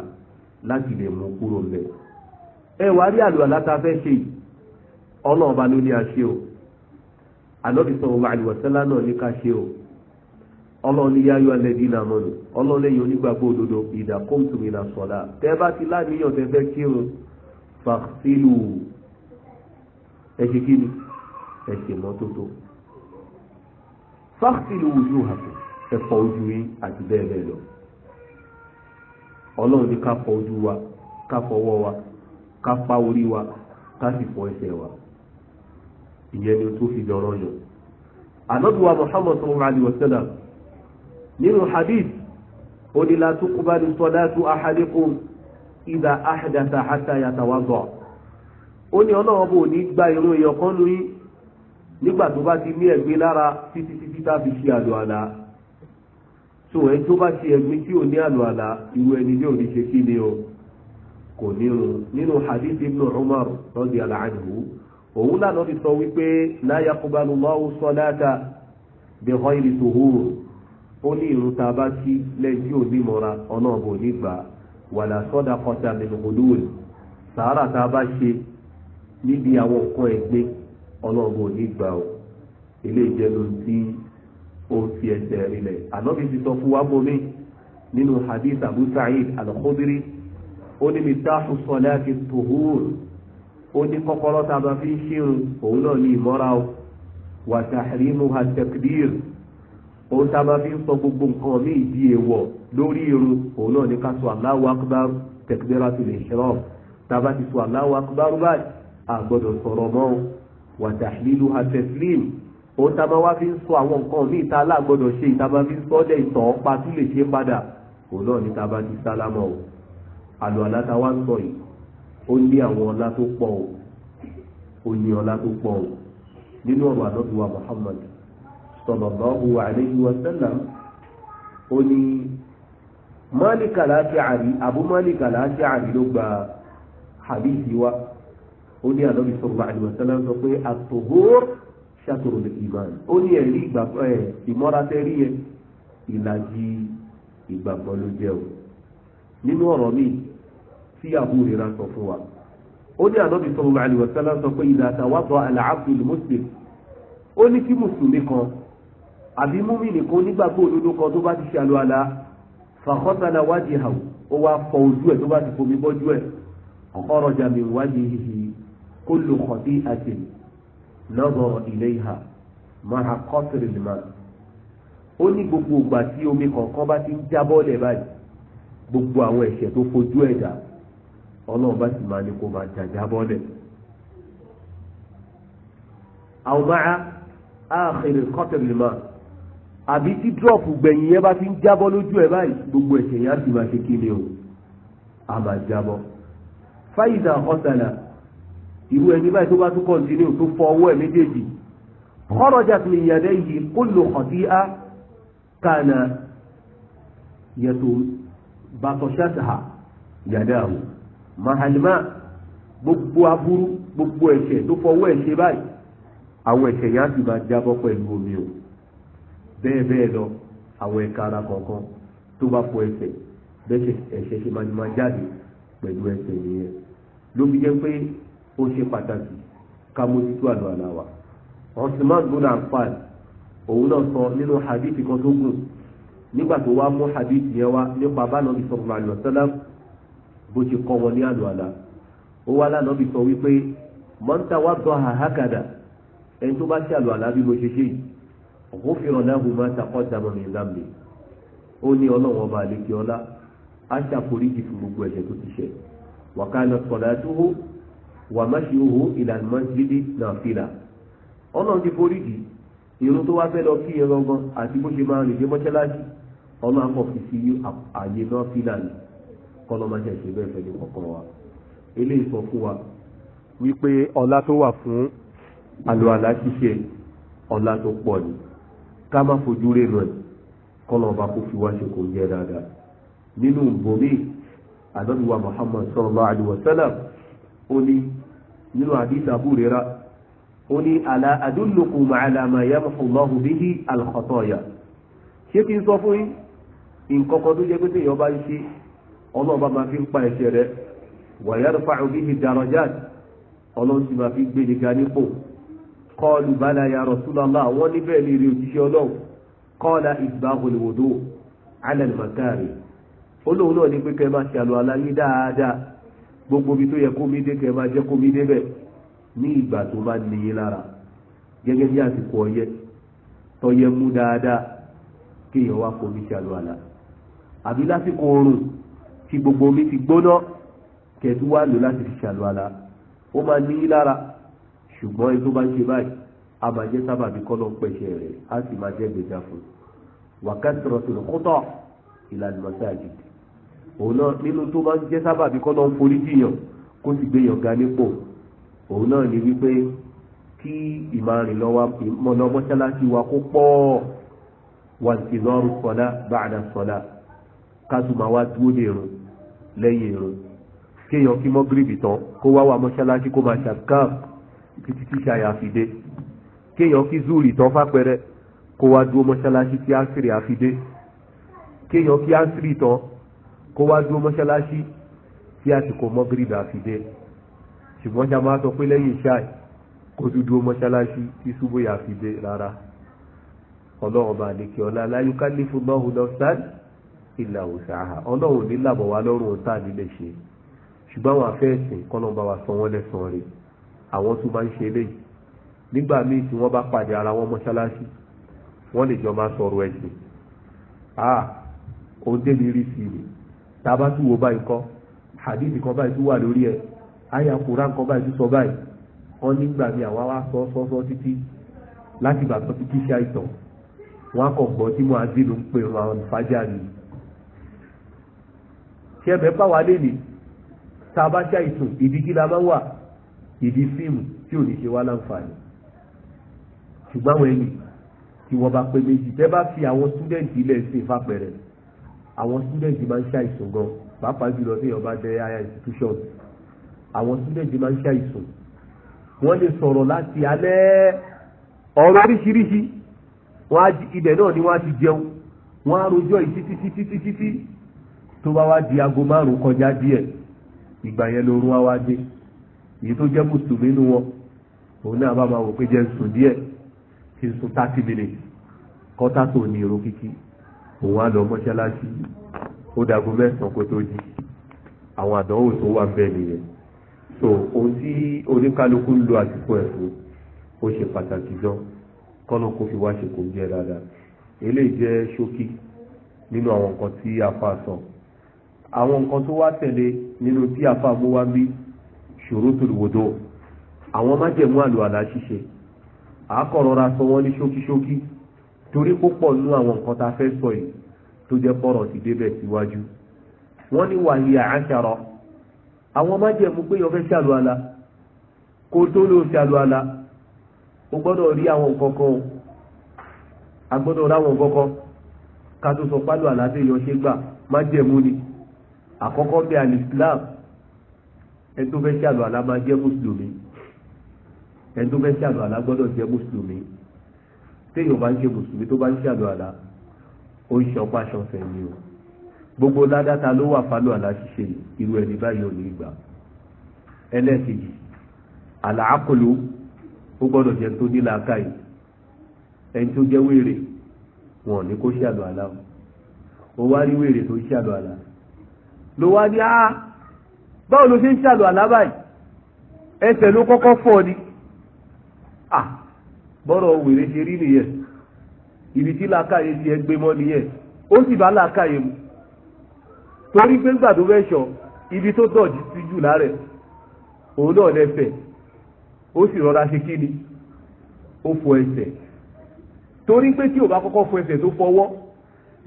láti lè mú kúrò ń bẹ̀. ẹ wàá rí àlọ́ àlá tá fẹ́ ṣe yìí ló ní a ṣe o ànábì sallallahu náà ní ká ṣe o. ọlọ́ọ̀ni yáyọ alẹ́dí náà mọ́nu ọlọ́ọ̀lẹ́yìn onígbàgbọ́ òdodo ìdàkóńtùmí náà sọ̀dá tẹ́ bá ti láníyàn tẹ́ fẹ́ kírun fàṣílù ẹ̀ṣẹ̀ kí ni ẹ̀ṣẹ̀ mọ́tótó fàṣílù ojú àpò ẹ̀fọ́ ojú yín àti bẹ́ẹ̀ bẹ́ẹ̀ lọ ọlọ́run ní ojú wa ká wa ká orí wa ká ẹsẹ̀ wa ìyẹn ni tó fi dọ̀rọ̀ yàn ànọ́dúwa Muhammad sallallahu alaihi wa sallam nínú hadith onílà tó kú bá ní sọdá tó ahadikum ìdá ahadatha hatta yatawadda ó ní ọlọ́wọ́ bò ní gba irun èèyàn kan lórí nígbà tó bá ti ní ẹ̀gbin lára títí títí tàbí ṣe àlò àlá tó ẹ tó bá ṣe ẹ̀gbin tí ò ní àlò àlá irú ẹni ní òní ṣe kí ni o kò nírun nínú hadith ibn umar radiyallahu anhu òun lànà ti sọ wípé la yaqbalu Allahu salata bi ghayri tuhur ó ní irun tá a bá kí lẹ́yìn tí ò ní mọ́ra ọ̀nà ọ̀bọ̀ ò ní gbà á wàlà sọ́dà kọta mẹ́lòkòlúwò sàárà tá a bá ṣe níbi àwọn nǹkan ẹ̀gbin ọ̀nà ọ̀bọ̀ ò ní gbà ó ilé ìjẹnu tí ó fi ẹsẹ̀ rinlẹ̀ ànábi ti sọ fún wa bomi nínú hadith abu sa'id al ó ní mitahu salati tuhur ó ní kọ́kọ́rọ́ tá a bá fi ń ṣírun òun náà ní ìmọ́ra ó wà tahrimuha takdir òun tá a máa fi ń sọ gbogbo nǹkan mí ìdí èèwọ̀ lórí irun òun náà ní ká sọ Allahu akbar takbiratul ihram tá a bá ti sọ Allahu akbar báyìí àgbọ̀dọ̀ sọ̀rọ̀ mọ́ wa tahliluha taslim òun tá a máa wá fi ń sọ àwọn nǹkan mí ìta aláàgbọ̀dọ̀ ṣe ìta máa fi ń sọ ọ́dẹ̀ ìtàn pa tún lè ṣe padà òun náà ní tá a bá ti sálámọ̀ o àlọ́ àlátà wá sọ yìí ó ní àwọn ọlá tó pọ̀ sallallahu alayhi wa sallam ó ní malik al-Ash'ari abu malik al-Ash'ari ló gba hadithi wa ó ní ànábi sallallahu alayhi wa sallam sọ pé at-tuhur shatrul iman ó ní ẹ̀rí ìmọ́ratẹ́rí yẹn ìlàjì ìgbàgbọ́ ló jẹ́ o nínú ọ̀rọ̀ mi tí Abu Hurairah sọ fún wa ó ní ànábi sallallahu alayhi wa sọ pé idha tawadda'a al-'abdu ó ní kí mùsùlùmí kan àbí múmìnì kó nígbàgbọ́ òdodo kan tó bá ti ṣe àlùwàlá fàkọ́tàlá wájì hàn ó wá fọ ojú ẹ̀ tó bá ti fomi bọ́jú ẹ̀ ọ̀kọ́rọ̀jà mi wájì hihi kó lò kọ̀dí àti lọ́gọ̀ ilé ìhà máa kọ́sìrì nìmá. ó ní gbogbo ìgbà tí omi kọ̀ọ̀kan bá ti ń jábọ́ lẹ̀ báyìí gbogbo àwọn ẹ̀ṣẹ̀ tó fojú ẹ̀ dà ọlọ́run bá sì máa ní kó máa jàjábọ́ àwọn máa áàkiri kọ́sìrì nìmá àbí tí drop gbẹ̀yìn yẹn bá fi ń jábọ́ lójú ẹ̀ báyìí gbogbo ẹ̀ṣẹ̀ yẹn á sì máa ṣe kíni o a máa jábọ́ fáyìdà ọ̀sàlà irú ẹni báyìí tó bá tún kọ́ntínú tó fọ ọwọ́ ẹ̀ méjèèjì kọ́rọ̀jà tó yẹ dẹ́ yìí kó lò hàn sí a kànà yẹtò bàtọ̀ṣàtà yàdá o mahalima gbogbo aburú gbogbo ẹ̀ṣẹ̀ tó fọ ọwọ́ ẹ̀ báyìí àwọn ẹ̀ṣẹ̀ yẹn á sì máa jábọ́ pẹ̀lú omi o bẹ́ẹ̀ bẹ́ẹ̀ lọ àwọn ẹ̀ka ara kọ̀ọ̀kan tó bá fọ ẹsẹ̀ bẹ́ẹ̀ ẹ̀ṣẹ̀ ṣe máa máa jáde pẹ̀lú ẹsẹ̀ nìyẹn ló fi jẹ́ pé ó ṣe pàtàkì ká mójútó àlọ́ àlá wa Usman bin Affan òun náà sọ nínú hadith kan tó gùn nígbà tó wá mú hadith yẹn wá nípa bánàbí sallallahu alaihi wasallam bó ṣe kọ́ wọn ní àlọ́ àlá ó wá lánàbí sọ wípé man tawaddaha hakada ẹni tó bá ṣe àlọ́ àlá bí mo ṣe ṣe yìí غفر له ما تقدم من ذنبه ó ní ọlọ́run ọba àlekè ọlá á ṣàforíjì fún gbogbo ẹ̀ṣẹ̀ tó ti ṣẹ̀ wa kana salatuhu wa mashyuhu ila al-masjidi nafila ọlọ́run ti foríjì irun tó wá fẹ́ lọ kí yẹn gangan àti bó ṣe máa rìn dé mọ́ṣáláṣí ọlọ́run akọ̀ fi sí àyè nafila ni wa eléyìí sọ wa wípé ọlá tó wà fún àlùwàlá ká má fojú rè nà kọ́nà ọba kó fi wá ṣe kò ń jẹ dáadáa nínú ìbomi ànábìwá muhammad sallallahu alaihi wasallam ó ní nínú àdìsí àbúrẹ́ra ó ní àlà adullukum ala ma yamhu Allahu bihi al-khataya ṣé kí n sọ fún yín nǹkan kan tó jẹ́ pé téèyàn bá ṣe ọlọ́ọ̀bá máa fi ń pa ẹ̀ṣẹ̀ rẹ̀ wa yarfa'u bihi darajat ọlọ́run sì máa kọlu bala ya rasulallah wọ́n níbẹ̀ lè rí òjíṣẹ́ ọlọ́run kọ́ọ̀lá ìgbàhùn ìwòdó alẹ́lùmọ̀tàrí ó lóun náà ní pé kẹ́ máa ṣàlù aláyé dáadáa gbogbo ibi tó yẹ kómi dé kẹ́ máa jẹ́ kómi débẹ̀ ní ìgbà tó bá níyí lára gẹ́gẹ́ bí àsìkò ọyẹ́ tọyẹ mú dáadáa kéèyàn wá kómi ṣàlù àlá àbí lásìkò oorun tí gbogbo omi ti gbóná kẹ́ẹ̀tú wá lò láti fi ṣàlù àlá ó máa níyí lára ṣùgbọ́n ẹni tó bá ṣe báyìí a máa jẹ́ sábàbí kọ́nà pẹ̀ṣẹ̀ rẹ̀ á sì máa jẹ́ gbèjà fún un wàkàtúrọ̀ tó lọ́kọ́tọ̀ ìlànà mọ́sáàjì òun náà nínú tó máa ń jẹ́ sábàbí kọ́nà forí jiyàn kó sì gbé yàn ga nípò òun náà ní wípé kí ìmárìn lọ mọ́ṣáláṣí wa kó pọ̀ wàǹtìlọ́rù sọ́lá báàdà sọ́lá kásùmáwá dúró lè rún lẹ́yìn irun kéèyàn kí mọ́gìrìbì tán títí tí ṣáyà fi dé kéèyàn kí zúrì tán fápẹrẹ kó wá dúró mọ́ṣáláṣí tí áńsírì á fi dé kéèyàn kí áńsírì tán kó wá dúró mọ́ṣáláṣí tí àsìkò mọ́gírìbì á fi dé ṣùgbọ́n ṣá máa sọ pé lẹ́yìn ṣáì kó dúdú mọ́ṣáláṣí tí súbóyà fi dé rárá ọlọ́run bá lè kí ọlá aláyúká ní fún náà hùdọ́ sáà ìlà òṣàhà ọlọ́run ní làbọ̀ wá lọ́rùn ọ̀tá nílẹ̀ ṣe ṣùgbọ́n àwọn afẹ́ ẹ̀sìn kọ́nà bá wa san wọ́n lẹ́san rẹ̀ àwọn tún máa ń ṣe eléyìí nígbà míì tí wọ́n bá pàdé ara wọn mọ́ṣáláṣí wọ́n lè jọ máa sọ̀rọ̀ ẹ̀sìn a òun débi rí sí i tá a bá tún wo báyìí kọ́ hadith kan báyìí tún wà lórí ẹ̀ àyà kúrán kan báyìí tún sọ báyìí wọ́n nígbà míì àwa wá sọ sọ sọ títí láti gbà tó ti kí ṣe àìsàn wọ́n á kàn gbọ́ tí mo á dínú ń pè wọn àwọn ìfájà nìyí tí ẹ̀bẹ̀ bá wà lé ní tá a bá ṣe àìsàn ìdíjí la máa wà ìdí fíìmù tí ò ní ṣe wá láǹfààní ṣùgbọ́n àwọn ẹni tí wọ́n bá pé méjì tẹ́ bá fi àwọn súdẹ̀ǹtì ilẹ̀ ṣe fàpẹ̀rẹ̀ àwọn súdẹ̀ǹtì máa ń ṣàìsùn gan pàápàá jùlọ tí ìyọba jẹ́ higher institutions àwọn súdẹ̀ǹtì máa ń ṣàìsùn wọ́n lè sọ̀rọ̀ láti alẹ́ ọ̀rọ̀ oríṣiríṣi wọ́n á ibẹ̀ náà ni wọ́n á ti jẹun wọ́n á rojọ́ yìí títí títí títí tó bá wá di aago márùn-ún kọjá díẹ̀ ìgbà yẹn lorun á wá dé èyí tó jẹ́ mùsùlùmí nínú wọn òun náà bá máa wò pé jẹ́ ń sùn díẹ̀ kí n sùn thirty minutes kọ́tà tó ní irun kíkí òun á lọ mọ́ṣáláṣí ó dago mẹ́sàn-án kó tó jí àwọn àdánwò tó wà bẹ́ẹ̀ nìyẹn so ohun tí oníkálukú ń lo àsìkò ẹ̀ fún ó ṣe pàtàkì gan kọ́nà kó fi wá ṣe kò jẹ́ dáadáa eléyìí jẹ́ ṣókí nínú àwọn nǹkan tí afa sọ àwọn nǹkan tó wá tẹ̀lé nínú tí afa mú wá bíi ṣurutul wudu àwọn májẹ̀mú àlùwàlá ṣíṣe àákọ̀rọ̀ra sọ wọ́n ní ṣókíṣókí torí púpọ̀ nú àwọn nǹkan tá a fẹ́ sọ yìí tó jẹ́ pọ̀rọ̀ ti débẹ̀ síwájú wọ́n ní wàhíà àṣàrọ̀ àwọn májẹ̀mú pé yọ fẹ́ ṣàlùwàlá kó tó ló ṣàlùwàlá o gbọ́dọ̀ rí àwọn nǹkan o a gbọ́dọ̀ ráwọn nǹkan kan ká tó sọ pálọ̀ àlá májẹ̀mú ni àkọ́kọ́ bẹ́ẹ̀ al ẹni tó fẹ́ ṣàlù àlá máa jẹ́ mùsùlùmí ẹni tó fẹ́ ṣàlù àlá gbọ́dọ̀ jẹ́ mùsùlùmí téèyàn bá ń ṣe mùsùlùmí tó bá ń ṣàlù àlá ó ń ṣọpá ṣọfẹ̀ ni o gbogbo ládàtà ló wà fálù àlá ṣíṣe irú ẹni báyìí ò ní gbà ẹlẹ́ẹ̀kejì àlàákòló ó gbọ́dọ̀ jẹ́ tó ní làákàyè ẹni tó jẹ́ wèrè wọn ní kó ṣàlù àlá o wá rí wèrè tó ṣàlù àlá ló wá ní á báwo ló ṣe ń ṣàlù àlábàyí ẹsẹ̀ ló kọ́kọ́ fọ́ ni à bọ́rọ̀ wèrè ṣe rí nìyẹn ibi tí làákàyè ti ẹgbẹ́ mọ́ nìyẹn ó sì bá làákàyè mu torí pé ńgbà tó fẹ́ sọ ibi tó dọ̀jú sí jù lárẹ̀ òun náà lẹ́fẹ̀ẹ́ ó sì rọra ṣe kí ni ó fọ ẹsẹ̀ torí pé tí ò bá kọ́kọ́ fọ ẹsẹ̀ tó fọwọ́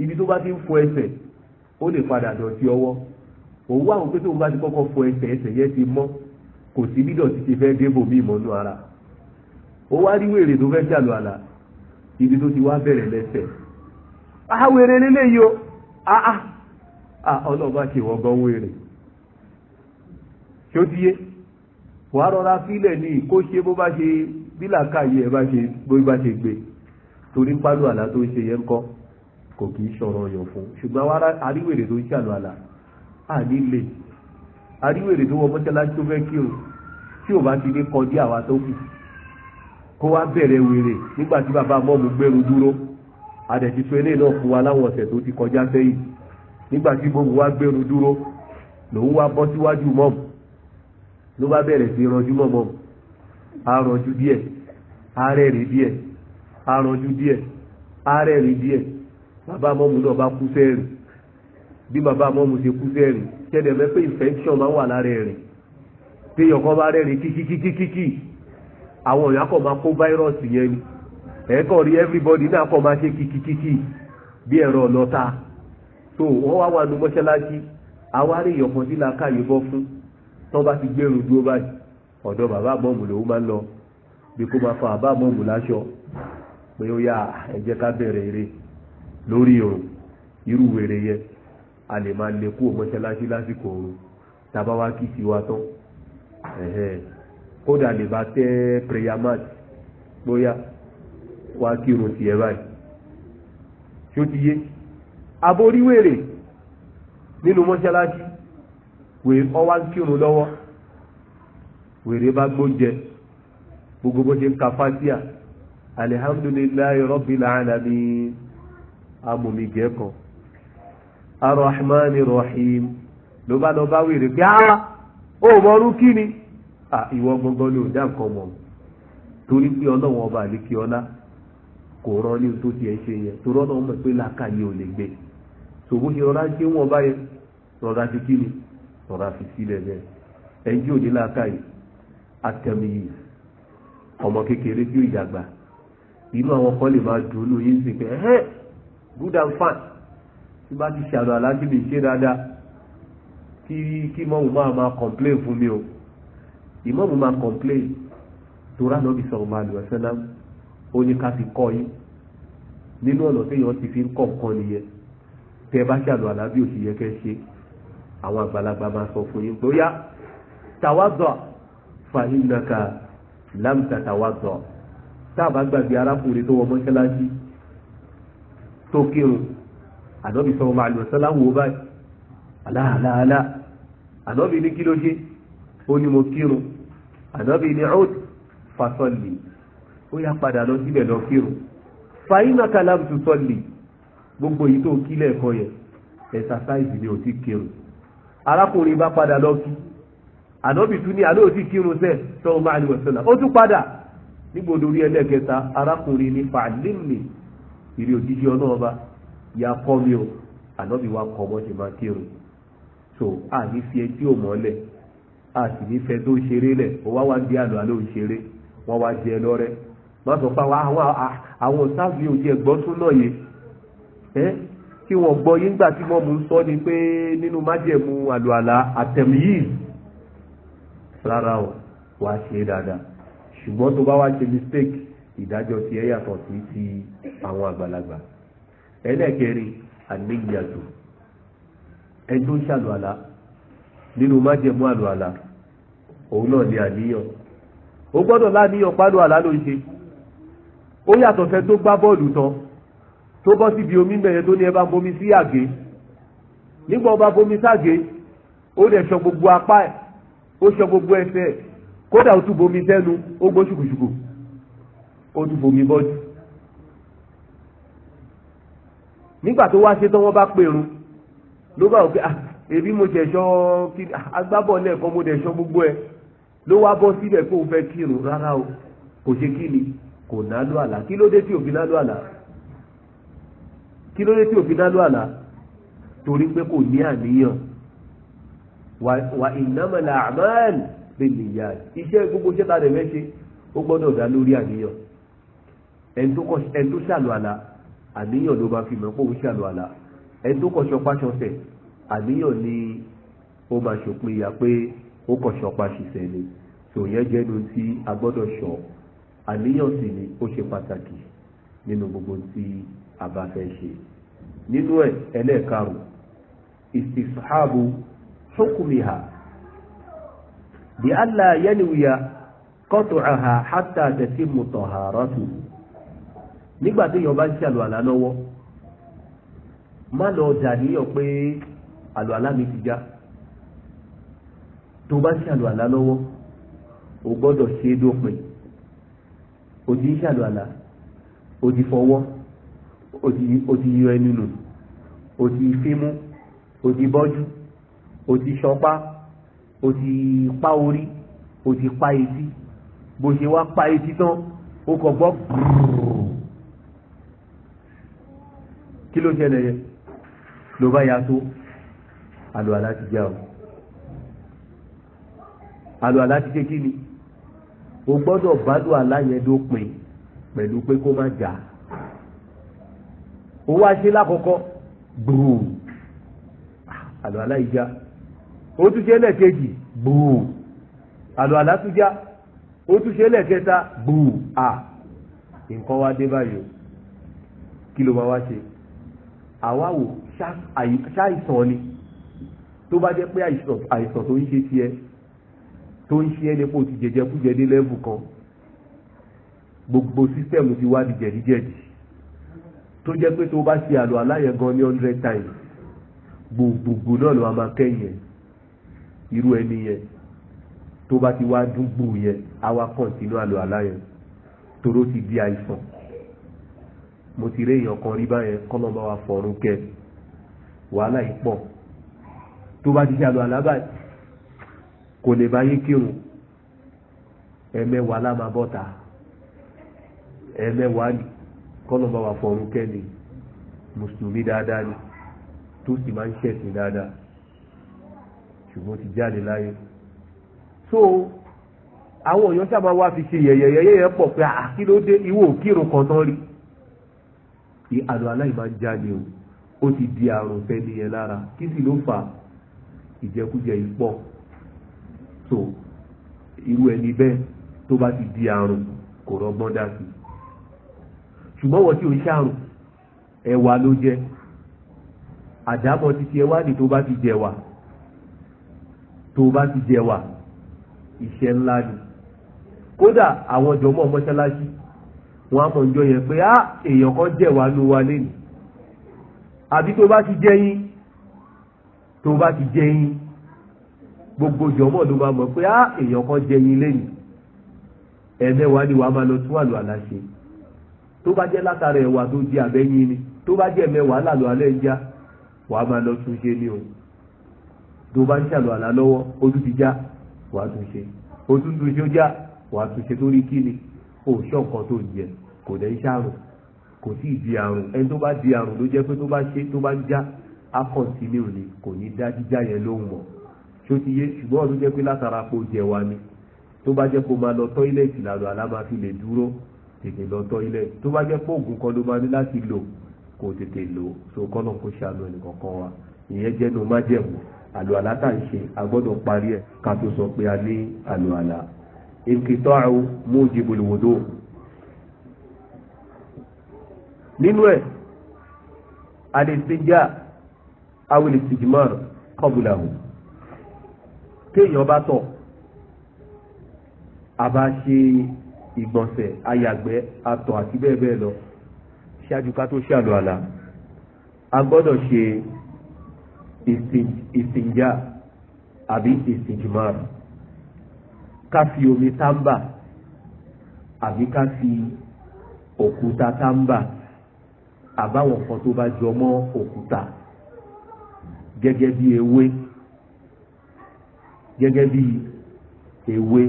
ibi tó bá ti ń fọ ẹsẹ̀ ó lè padà dọ̀tí ọwọ́ òun wá àwọn pé tóun bá ti kọ́kọ́ fọ ẹsẹ̀ ẹsẹ̀ yẹn ti mọ́ kò sí bí dọ̀tí ti fẹ́ débò mí ìmọ̀nú ara ó wá rí wèrè tó fẹ́ jàlọ àlà ibi tó ti wá bẹ̀rẹ̀ lẹ́sẹ̀ àwèrè lélẹ́yìí o àá ọlọ́ọ̀bá ṣe wọ́n gan wèrè ṣé ó ti yé wàá rọra sílẹ̀ ní kó ṣe bó bá ṣe bílàkàyè ẹ̀ bá ṣe bó bá ṣe gbé torí pálọ̀ àlà tó ṣe yẹn kọ́ kò kì í ṣọ̀rọ̀ ọ̀yàn fún ṣùgbọ́n àríwèrè tó ṣàlọ́ àlà àní lè àríwèrè tó wọ mọ́ṣáláṣí tó fẹ́ kí o tí ò bá ti ní kọjá àwa tó kù kó wá bẹ̀rẹ̀ wèrè nígbà tí bàbá mọ́mú gbẹ́rù dúró àdẹ̀tí sọ eléyìí náà fún wa láwọn ọ̀sẹ̀ tó ti kọjá sẹ́yìn nígbà tí mọ́mú wá gbẹ́rù dúró lòun wá bọ́ síwájú mọ́mú ló bá bẹ̀rẹ̀ sí ranjú mọ́mọ́ arànjú díẹ̀ arẹ́rìí díẹ̀ arànjú díẹ̀ arẹ́rìí díẹ̀ bàbá mọ́mú náà bá kú sẹ́rìí bí bàbá àmọ́ mo ṣe kú sẹ́rìn ṣẹ̀dẹ̀ mẹ́ infection máa ń wà lára ẹ̀rìn téèyàn kan bá rẹ́rìn kíkíkíkíkí àwọn èèyàn kọ̀ máa kó fáírọ́ọ̀sì yẹn ni ẹ̀ẹ́kọ̀ rí everybody náà kọ̀ máa ṣe kíkíkíkí bí ẹ̀rọ ọlọ́ta tó wọ́n wá wà ní mọ́ṣáláṣí awárí ìyọ̀kan sí la káyé bọ́ fún tó bá ti gbẹ̀rù dúró báyìí ọ̀dọ̀ bàbá àmọ́mù lòun máa ń lọ bí kò máa fa bàbá àmọ́mù láṣọ pé ó yá ẹ ká bẹ̀rẹ̀ eré lórí òrùn irú wèrè yẹn a lè máa lè kú mọ́ṣáláṣí lásìkò oorun tàbá wá kí sí wa tán kódà lè bá tẹ́ prayer mat bóyá wá kírun tiẹ̀ báyìí tí ó ti yé aboríwèrè nínú mọ́ṣáláṣí wèrè ọwá ń kírun lọ́wọ́ wèrè bá gbóúnjẹ gbogbo bó ṣe ń ka fásíà alihamdulilayi rọ́bìlà ànàmí amòmìgẹ́ kan. arahmani rahim ló bá lọ o wèrè kini a ah, ó mọrú kí ni ah, ìwọ gbọngàn ló dá nǹkan mọ torí pé ọlọ́wọ́n ọba àlékí ọlá kò rán ní tó tiẹ̀ ṣe yẹn torí ọlọ́wọ́n mọ̀ pé làákàyè ò lè gbé rọra fi kí ni rọra fi sílẹ̀ bẹ́ẹ̀ ẹjí òní làákàyè atẹ̀mìyì ọmọ kékeré bí ìjàgbá inú àwọn kan lè máa dùn ún sí pé tí bá ti ṣàlọ́ aláṣìbì ṣe dáadáa kí kí mọ́mù máa máa complain fún mi o ìmọ̀mù máa complain torá náà bí sọ̀rọ̀ máa lù ẹ́ sẹ́lá ó ní ká fi kọ́ yín nínú ọ̀nà téèyàn ti fi ń kọ̀ nǹkan nìyẹn tẹ́ bá ṣàlọ́ alábí òsì yẹ kẹ́ ṣe àwọn àgbàlagbà máa sọ fún yín pé ó yá tàwádọ̀ fàhínnaka lámta tàwádọ̀ tá a bá gbàgbé arákùnrin tó wọ mọ́ṣáláṣí tó kírun ànọ́bì sọ ọmọ àlùsọ́lá wo báyìí aláàláàlá ànọ́bì ní kí ló ṣe ó ní mo kírun ànọ́bì ní ọ́d fasọ́lì ó yá padà lọ síbẹ̀ lọ kírun fàyínà kàlámùtù sọ́lì gbogbo èyí tó kí lẹ́ẹ̀kọ́ yẹn ẹ̀sàsáìsì ni ò ti kírun arákùnrin bá padà lọ kí ànọ́bì tún ní àlọ́ òsì kírun sẹ́ sọ ọmọ àlùsọ́lá ó tún padà nígbòdorí ẹlẹ́kẹta arákùnrin ní fàlímì ìrì òjijì ọlọ́ọba ya kọ́ mi o ànábì wa kọ́ ṣe máa o so a ní fi ẹtí ò a sì ní fẹ́ tó ṣeré lẹ̀ ó wá wá ń bí àlọ́ àlọ́ òṣèré wọ́n wá sọ fún àwọn àwọn sáfì ò gbọ́ tún náà ẹ kí wọ́n gbọ́ yín gbà tí wọ́n mú sọ ni pé nínú májẹ̀mú àtẹ̀míyì rárá o wá ṣe dáadáa ṣùgbọ́n tó bá wá ṣe mistake ìdájọ́ ti ẹ̀ yàtọ̀ sí ti àwọn àgbàlagbà. ẹlẹ́ẹ̀kẹrin àníyàtò ẹjọ́ ń ṣàlùwàlá nínú májẹ̀mú àlùwàlá òun náà ni àníyàn ó gbọ́dọ̀ láníyàn pálọ̀ àlá ló ń ṣe ó yàtọ̀ fẹ́ tó gbá bọ́ọ̀lù tán tó bọ́ síbi omi mẹ́yẹ tó ní ẹ bá bomi sí àgé nígbà ọba bomi ságé ó dẹ̀ sọ gbogbo apá ẹ̀ ó sọ gbogbo ẹsẹ̀ kódà ó tún bomi sẹ́nu ó gbó ṣùkùṣùkù ó tún bomi bọ́ọ̀lù nígbà tó wá ṣe tán wọ́n bá pèrún ló bá wò pé èbí ah, mo ṣẹ̀ṣọ́ ah, agbábọ̀ lẹ́ẹ̀kan mo dẹ̀ṣọ́ gbogbo ẹ̀ ló wá bọ́ síbẹ̀ kó o fẹ́ kírun rárá o kò ṣe kí ni kò nálò àlá kí ló dé tí òfin nálò àlá kí ló dé tí òfin nálò àlá torí pé kò ní àníyàn wà ìnámọ̀lá àmàlì lè nìyà iṣẹ́ gbogbo iṣẹ́ tá a dẹ̀ fẹ́ ṣe ó gbọ́dọ̀ dá lórí àníyàn ẹni tó ṣàlù àlá àníyàn ló máa fi mọ̀ pé òun ṣàlù àlà ẹni tó kọ̀ṣọ́ páṣọṣẹ̀ àníyàn ni ó máa ṣòpin ìyá pé ó kọ̀ṣọ́ páṣiṣẹ́ ni tò yẹn jẹ́nu tí a gbọ́dọ̀ ṣọ àníyàn sì ni ó ṣe pàtàkì nínú gbogbo tí a bá fẹ́ ṣe nínú ẹ̀ ẹlẹ́ẹ̀karùn istishabu hukumiha bí allah yẹnuya kọ́tù aha hatta tẹ̀sí mutọ̀hárọ́tù nígbà téèyàn bá ń ṣàlù àlá lọ́wọ́ má lọ dàníyàn pé àlù àlá mi ti já tó bá ṣàlù àlá lọ́wọ́ o gbọ́dọ̀ ṣe é dópin o ti ń ṣàlù àlá o ti fọwọ́ o ti yọ ẹnu nù o ti fímú o ti bọ́jú o ti ṣọpá o ti pa orí o ti pa etí bó ṣe wá pa etí tán o kò gbọ́ gbùrù kí ló ṣẹlẹ̀ yẹ ló bá ya tó àlùwàlá ti já o àlùwàlá ti ṣe kí ni o gbọ́dọ̀ bá àlùwàlá yẹn dópin pẹ̀lú pé kó má jà ó wá ṣe lákọ̀ọ́kọ́ gbùù àlùwàlá yìí já ó tún ṣe lẹ́ẹ̀kejì gbùù àlùwàlá tún já tún ṣe lẹ́ẹ̀kẹta gbùù à nǹkan wá dé báyìí o kí ló máa wá ṣe àwáwò ṣáìsàn ni tó bá jẹ́ pé àìsàn tó ń ṣe tiẹ̀ tó ń ṣe ẹni pé o ti jẹjẹ kújẹ ní lẹ́vù kan gbogbo sísẹ́mù ti wá di jẹ̀díjẹ̀dì tó jẹ́ pé tó bá ṣe àlọ́ aláyẹ̀ gan ní hundred times gbogbogbò náà ló wá máa kẹ́yìn ẹ̀ irú ẹni yẹn tó bá ti wá dúgbò yẹn á wá kọ̀ǹtínú àlọ́ aláyẹ̀ toró ti di àìsàn mo ti rí èèyàn kan rí báyẹn kọ́nà bá wa fọ̀run kẹ wàhálà yìí pọ̀ tó bá ti ṣe àlọ́ àlábà kò lè bá yé kírun ẹ̀mẹ́wàá láma bọ́ta ẹ̀mẹ́wàá ni kọ́nà bá wa fọ̀run kẹ ni mùsùlùmí dáadáa ni tó sì máa ń ṣẹ̀sìn dáadáa ṣùgbọ́n ti jáde láyé so àwọn èèyàn sábà wá fi ṣe yẹ̀yẹ̀yẹ̀yẹ̀ pọ̀ pé àkílódé ìwọ òkírun kan tán rí àlùwàlá yìí máa ń jáde o ó ti di àrùn fẹ́ni yẹn lára kí sì ló fà ìjẹkújẹ yìí so irú ẹni bẹ́ẹ̀ tó bá ti di àrùn kò rọgbọ́n dá sí ṣùgbọ́n wọ́n tí ò ń ṣàrùn ẹ̀wà ló jẹ àdámọ́ ti ṣe wá ní tó bá ti jẹ̀wà tó bá ti jẹ̀wà iṣẹ́ ńlá ni kódà àwọn jọmọ́ mọ́ṣáláṣí wọn á kàn jọ yẹn pé á ah, èèyàn kan jẹ́ wàá ló wa lẹ́nu àbí tó bá ti jẹ́ yín tó bá ti jẹ́ yín gbogbo jọmọ ló máa mọ̀ pé á ah, èèyàn kan jẹ́ yín lẹ́nu ẹ̀mẹ́wàá ni wàá máa lọ tún àlọ́ àlàṣe tó bá jẹ́ látara ẹ̀wà tó jẹ àbẹ́yìn ni tó bá jẹ́ mẹ́wàá làlọ́ alẹ́ ń já wàá máa lọ tún ṣe ni o tó bá ń ṣàlọ́ àlá lọ́wọ́ ó ti já wàá tún ṣe ó tún ṣe ó já wàá tún ṣe torí kí ni kò sọ nǹkan tó jẹ kò dẹ̀ ń ṣàrùn kò sí ìdí àrùn ẹni tó bá di àrùn ló jẹ́ pé tó bá ṣe tó bá já á kọ̀ǹtínú ni kò ní dá jíjá yẹn lóhùn mọ́ ṣó ti yé ṣùgbọ́n ló jẹ́ pé látara kó jẹ wa ni tó bá jẹ́ kó máa lọ tọ́ílẹ̀tì làlọ́ àlá fi lè dúró tètè lọ tọ́ílẹ̀tì tó bá jẹ́ pé oògùn kan ló máa ní láti lò kò tètè lò so kọ́nà kó ṣàánú ẹnìkọ̀ọ̀kan wa ìyẹn jẹ́nu májẹ̀mú àlọ́ àlá tá à ń ṣe a parí ẹ̀ ká tó sọ pé a ní àlọ́ àlá ìkìtọ́ọ̀rù mujibul wudu nínú ẹ̀ alẹ́sẹ̀já awìlì sìjìmọ́r kọ́bùlàhù téèyàn bá tọ̀ àbá ṣe ìgbọ̀nsẹ̀ ayàgbẹ́ atọ̀ àti bẹ́ẹ̀ bẹ́ẹ̀ lọ ṣáájú ká tó ṣàlù àlà a gbọ́dọ̀ ṣe ìsìnjá àbí ìsìjìmọ́r ká fi omi tábà àbí ká fi òkúta tábà àbáwọn kan tó bá jọ mọ́ òkúta gẹ́gẹ́ bí ewé gẹ́gẹ́ bí ewé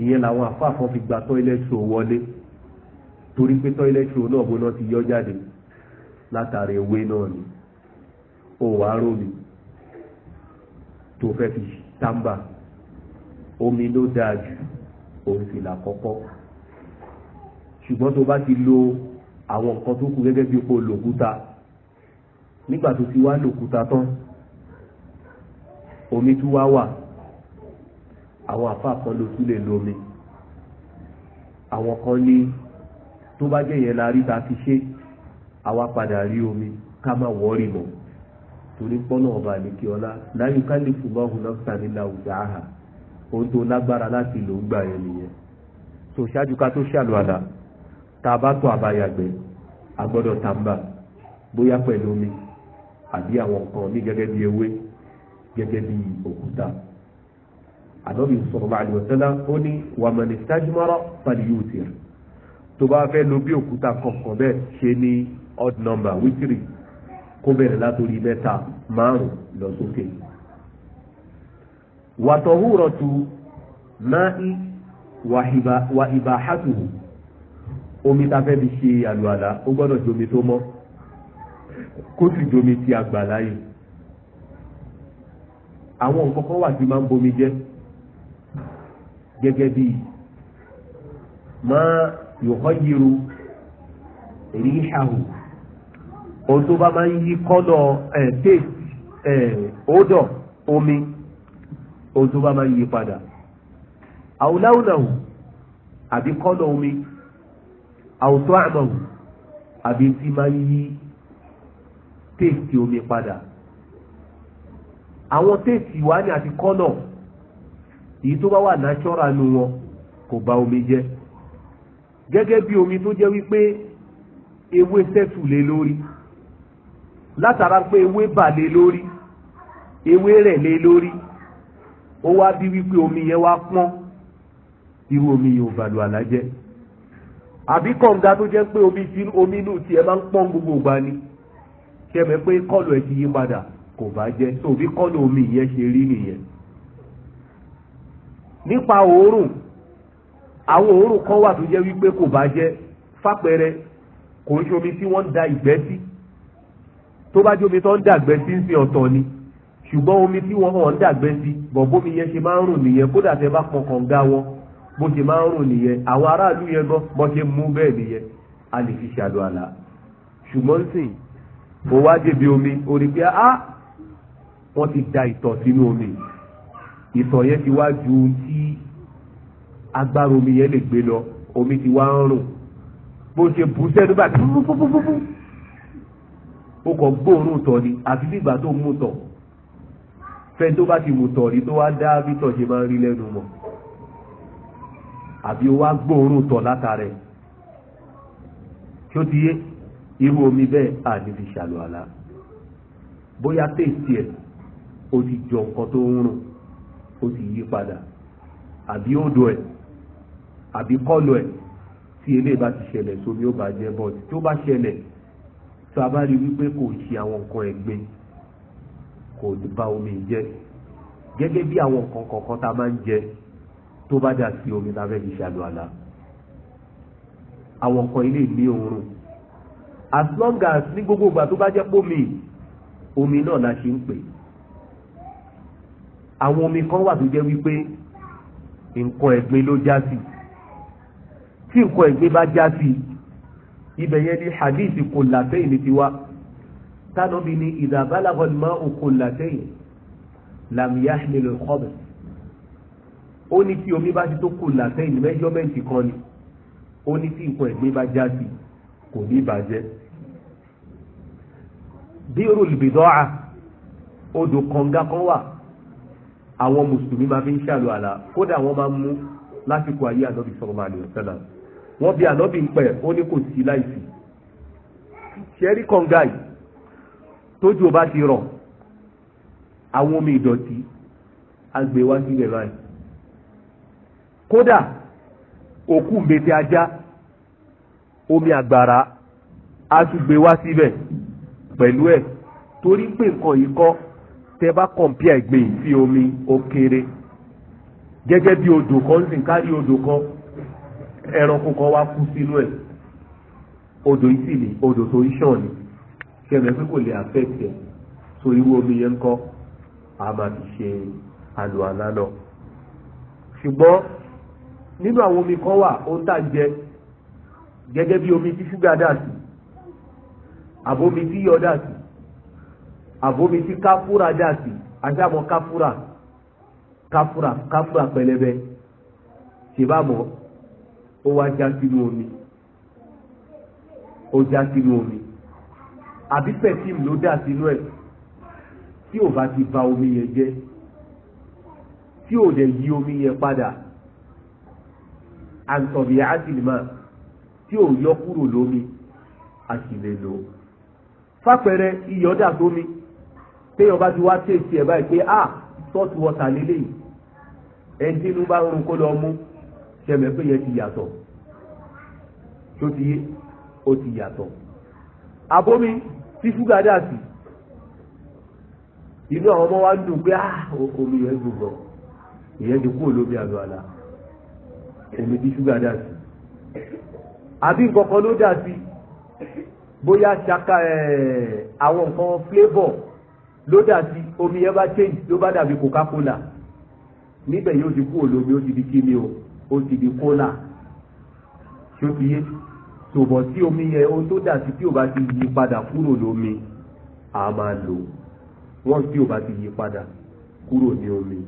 ìyẹn làwọn àfáàfọ́ fi gba tọ́ílẹ̀tì wọlé torí pé tọ́ílẹ̀tì náà gbóná ti yọ jáde látàrí ewé náà ni ó wàá rómi tó fẹ́ fi tábà omi ló dáa jù òun sì là kọ́kọ́ ṣùgbọ́n tó bá ti lo àwọn nǹkan tó kù gẹ́gẹ́ bí kò lòkúta nígbà tó ti wá lòkúta tán omi tún wá wà àwọn àfa kan ló tún lè lomi àwọn kan ní tó bá jẹ́ yẹn la rí ta fi ṣe àwa padà rí omi ká má wọ́ọ̀rì mọ́ torí pọ́nà ọba àlekí ọlá láyùká lè fún bá òun náà sàn nílà òjá àhà òun tó lágbára láti lò ó gbà yẹn nìyẹn so ṣáájú ká tó ṣàlùwàlà tá a bá tó àbáyàgbẹ́ a gbọ́dọ̀ tàǹbà bóyá pẹ̀lú omi àbí àwọn nǹkan ní gẹ́gẹ́ bí ewé gẹ́gẹ́ bí òkúta ànábì sallallahu alaihi wasallam ó ní wàmọ̀nì sájúmọ́rọ́ pàdé yóò tì tó bá fẹ́ lo bí òkúta kọ̀ọ̀kan bẹ́ẹ̀ ṣe ní odd number wítìrì kó bẹ̀rẹ̀ látòrí mẹ́ta márùn lọ sókè. Okay wàtọ̀húrọ̀tù máì wà ìbáhátùhù omi tá a fẹ́ fi ṣe àlùwàlà ó gbọ́dọ̀ jomi tó mọ́ kó jomi ti àgbàlá yìí àwọn nǹkan kan wà tí máa ń bomi jẹ́ gẹ́gẹ́ bí máa yòókọ́ yìírú èyí ohun tó bá máa ń yí kọ́nà ẹ̀ tèèsì omi. ohun tó bá máa ń yí padà àwòláwùnáwù àbí kọ́nà omi àwòtó àmọ̀wù àbí tí máa ń yí téèkì omi padà àwọn téèkì wá ní àti kọ́nà èyí tó bá wà náṣọ́ra nu wọn kò bà omi jẹ́ gẹ́gẹ́ bí omi tó jẹ́ wípé ewé sẹ́tù lé lórí látara pé ewé bà lé lórí ewé rẹ̀ lé lórí ó wá bí wípé omi yẹn wá pọ́n irú omi yẹn ò bàlù àlájẹ́ àbí kọ̀ǹga tó jẹ́ pé omi inú tiẹ̀ máa ń pọ́n gbogbo ìgbà ni kẹmẹ pé kọ́lù ẹ̀ ti yí padà kò bá jẹ́ so bí kọ́lù omi yẹn ṣe rí nìyẹn nípa òórùn àwọn òórùn kan wà tó jẹ́ wípé kò bá jẹ́ fàpẹrẹ kò ń ṣe omi tí wọ́n ń da ìgbẹ́ sí tó bá jẹ́ omi tó ń da ìgbẹ́ sí ń sin ọ̀tọ̀ ni ṣùgbọ́n omi tí wọ́n hàn dàgbẹ́ sí bọ̀bọ́mi yẹn ṣe máa ń rùn nìyẹn kódà tẹ bá pọn kànga wọn bó ṣe máa ń rùn nìyẹn àwọn aráàlú yẹn gan bó ṣe mú bẹ́ẹ̀ nìyẹn a lè fi ṣàlù àlà ṣùgbọ́n sìn ó wá débi omi ó rí pé á wọ́n ti da ìtọ̀ sínú omi ìtọ̀ yẹn ti wá ju tí agbára omi yẹn lè gbé lọ omi ti wá ń rùn bó ṣe bù sẹ́nu bá ti fúfúfúfú ó kàn gbóòórùn tọ̀ ni àfi bí ìgbà tó mú tọ̀ fẹ́ tó bá ti wò tọ̀rí tó wá dá bítọ̀ ṣe máa ń rí lẹ́nu mọ̀ àbí ó wá gbóòórùn tọ̀ látàrẹ̀ tí ó ti yé irú omi bẹ́ẹ̀ àní fi ṣàlù àlá bóyá tèèsì ẹ̀ ó ti jọ nǹkan tó ń rùn ó ti yí padà àbí odò ẹ̀ àbí kọ́lù ẹ̀ tí eléyìí bá ti ṣẹlẹ̀ sómi ó bàjẹ́ bọ́ọ̀tì tí ó bá ṣẹlẹ̀ tó a bá rí wípé kò ṣe àwọn nǹkan ẹ̀gbin kò bà omi jẹ́ gẹ́gẹ́ bí àwọn nǹkan kọ̀ọ̀kan a máa ń jẹ tó bá dà sí omi tá a fẹ́ fi ṣàlù àlá àwọn nǹkan ilé ní òórùn as long as ní gbogbo ìgbà tó bá jẹ́ pómi omi náà la ṣe ń pè àwọn omi kan wà tó jẹ́ wípé nǹkan ẹ̀gbin ló já sí tí nǹkan ẹ̀gbin bá já sí ibẹ̀ yẹn ni hadith kò làtẹ́yìn ti wá tánàbí ni ìdàbálàbọ̀n máa ń kò látẹ̀yìn làmìyá nílò ìkọ́bẹ̀ ó ní tí omi bá ti tó kò látẹ̀yìn mẹ́jọ́mẹ́ǹtì kan ni ó ní tí nǹkan ẹ̀gbin bá já sí kò ní bàjẹ́ bí olùbìdọ́à odò kànga kan wà àwọn mùsùlùmí máa fi ń ṣàlù àlà kódà wọ́n máa ń mú lásìkò ayé ànábì sallallahu alaihi wasallam wọ́n bí ànábì ń pẹ̀ ó ní kò sí láìsí ṣẹ́rí kànga yìí tójú ọba ti rọ̀ àwọn omi ìdọ̀tí agbè wá sílẹ̀ báyìí kódà òkú mbete ajá omi àgbàrá àtúgbè wá síbẹ̀ pẹ̀lú ẹ̀ torí pé nǹkan yìí kọ́ tẹ bá kọ̀m̀pìà ìgbìn sí omi ó kéré gẹ́gẹ́ bí odò kan ń sìn kárí odò kan ẹranko kan wá kú sínú ẹ̀ odò yìí sì ni odò tó ń ṣàn ni kẹmẹ pé kò lè affect ẹ so irú omi yẹn kọ́ a máa fi ṣe àlùwàlá náà ṣùgbọ́n nínú àwọn omi kan wà ó ń tà jẹ gẹ́gẹ́ bí omi tí ṣúgà dà sí àbomi tí yọ dà sí àbomi tí káfúrà dà sí aṣáàmọ káfúrà káfúrà káfúrà pẹlẹbẹ ṣèbámọ ó wá já sínú omi ó já sínú omi àbí pẹ̀fíìmù ló dà sínú ẹ̀ tí ò bá ti bà omi yẹn jẹ́ tí ò dẹ̀ yí omi yẹn padà àǹtọ̀bì àtìlímà tí ò yọ kúrò lómi àṣìlè lò fàpẹrẹ sómi téèyàn bá ti wá tèèsì ẹ̀ báyìí pé a sọ́ọ̀tù wọ́tà lélẹ́yìí ẹni tí inú bá ń rún kó lọ mú ṣẹlẹ̀ pé yẹn ti yàtọ̀ tó ti yé ó ti yàtọ̀ abomi tí ṣúgà dà sí inú àwọn ọmọ wa ń dùn pé ah, omi yẹn gbogbo ìyẹn ti kú olómi àlọ àlà omi tí ṣúgà dà sí àbí nǹkan kan ló dà sí bóyá ṣaka àwọn nǹkan flavour ló dà sí omi yẹn bá change ló bá dàbí coca-cola níbẹ̀ yóò ti kú olómi ó ti di kíni o ó ti di cola ṣó ti yé tòbọ̀ tí omi yẹn ohun tó dà sí tí ò bá ti yí padà kúrò lómi a máa lò wọ́n tí ò bá ti yí padà kúrò ní omi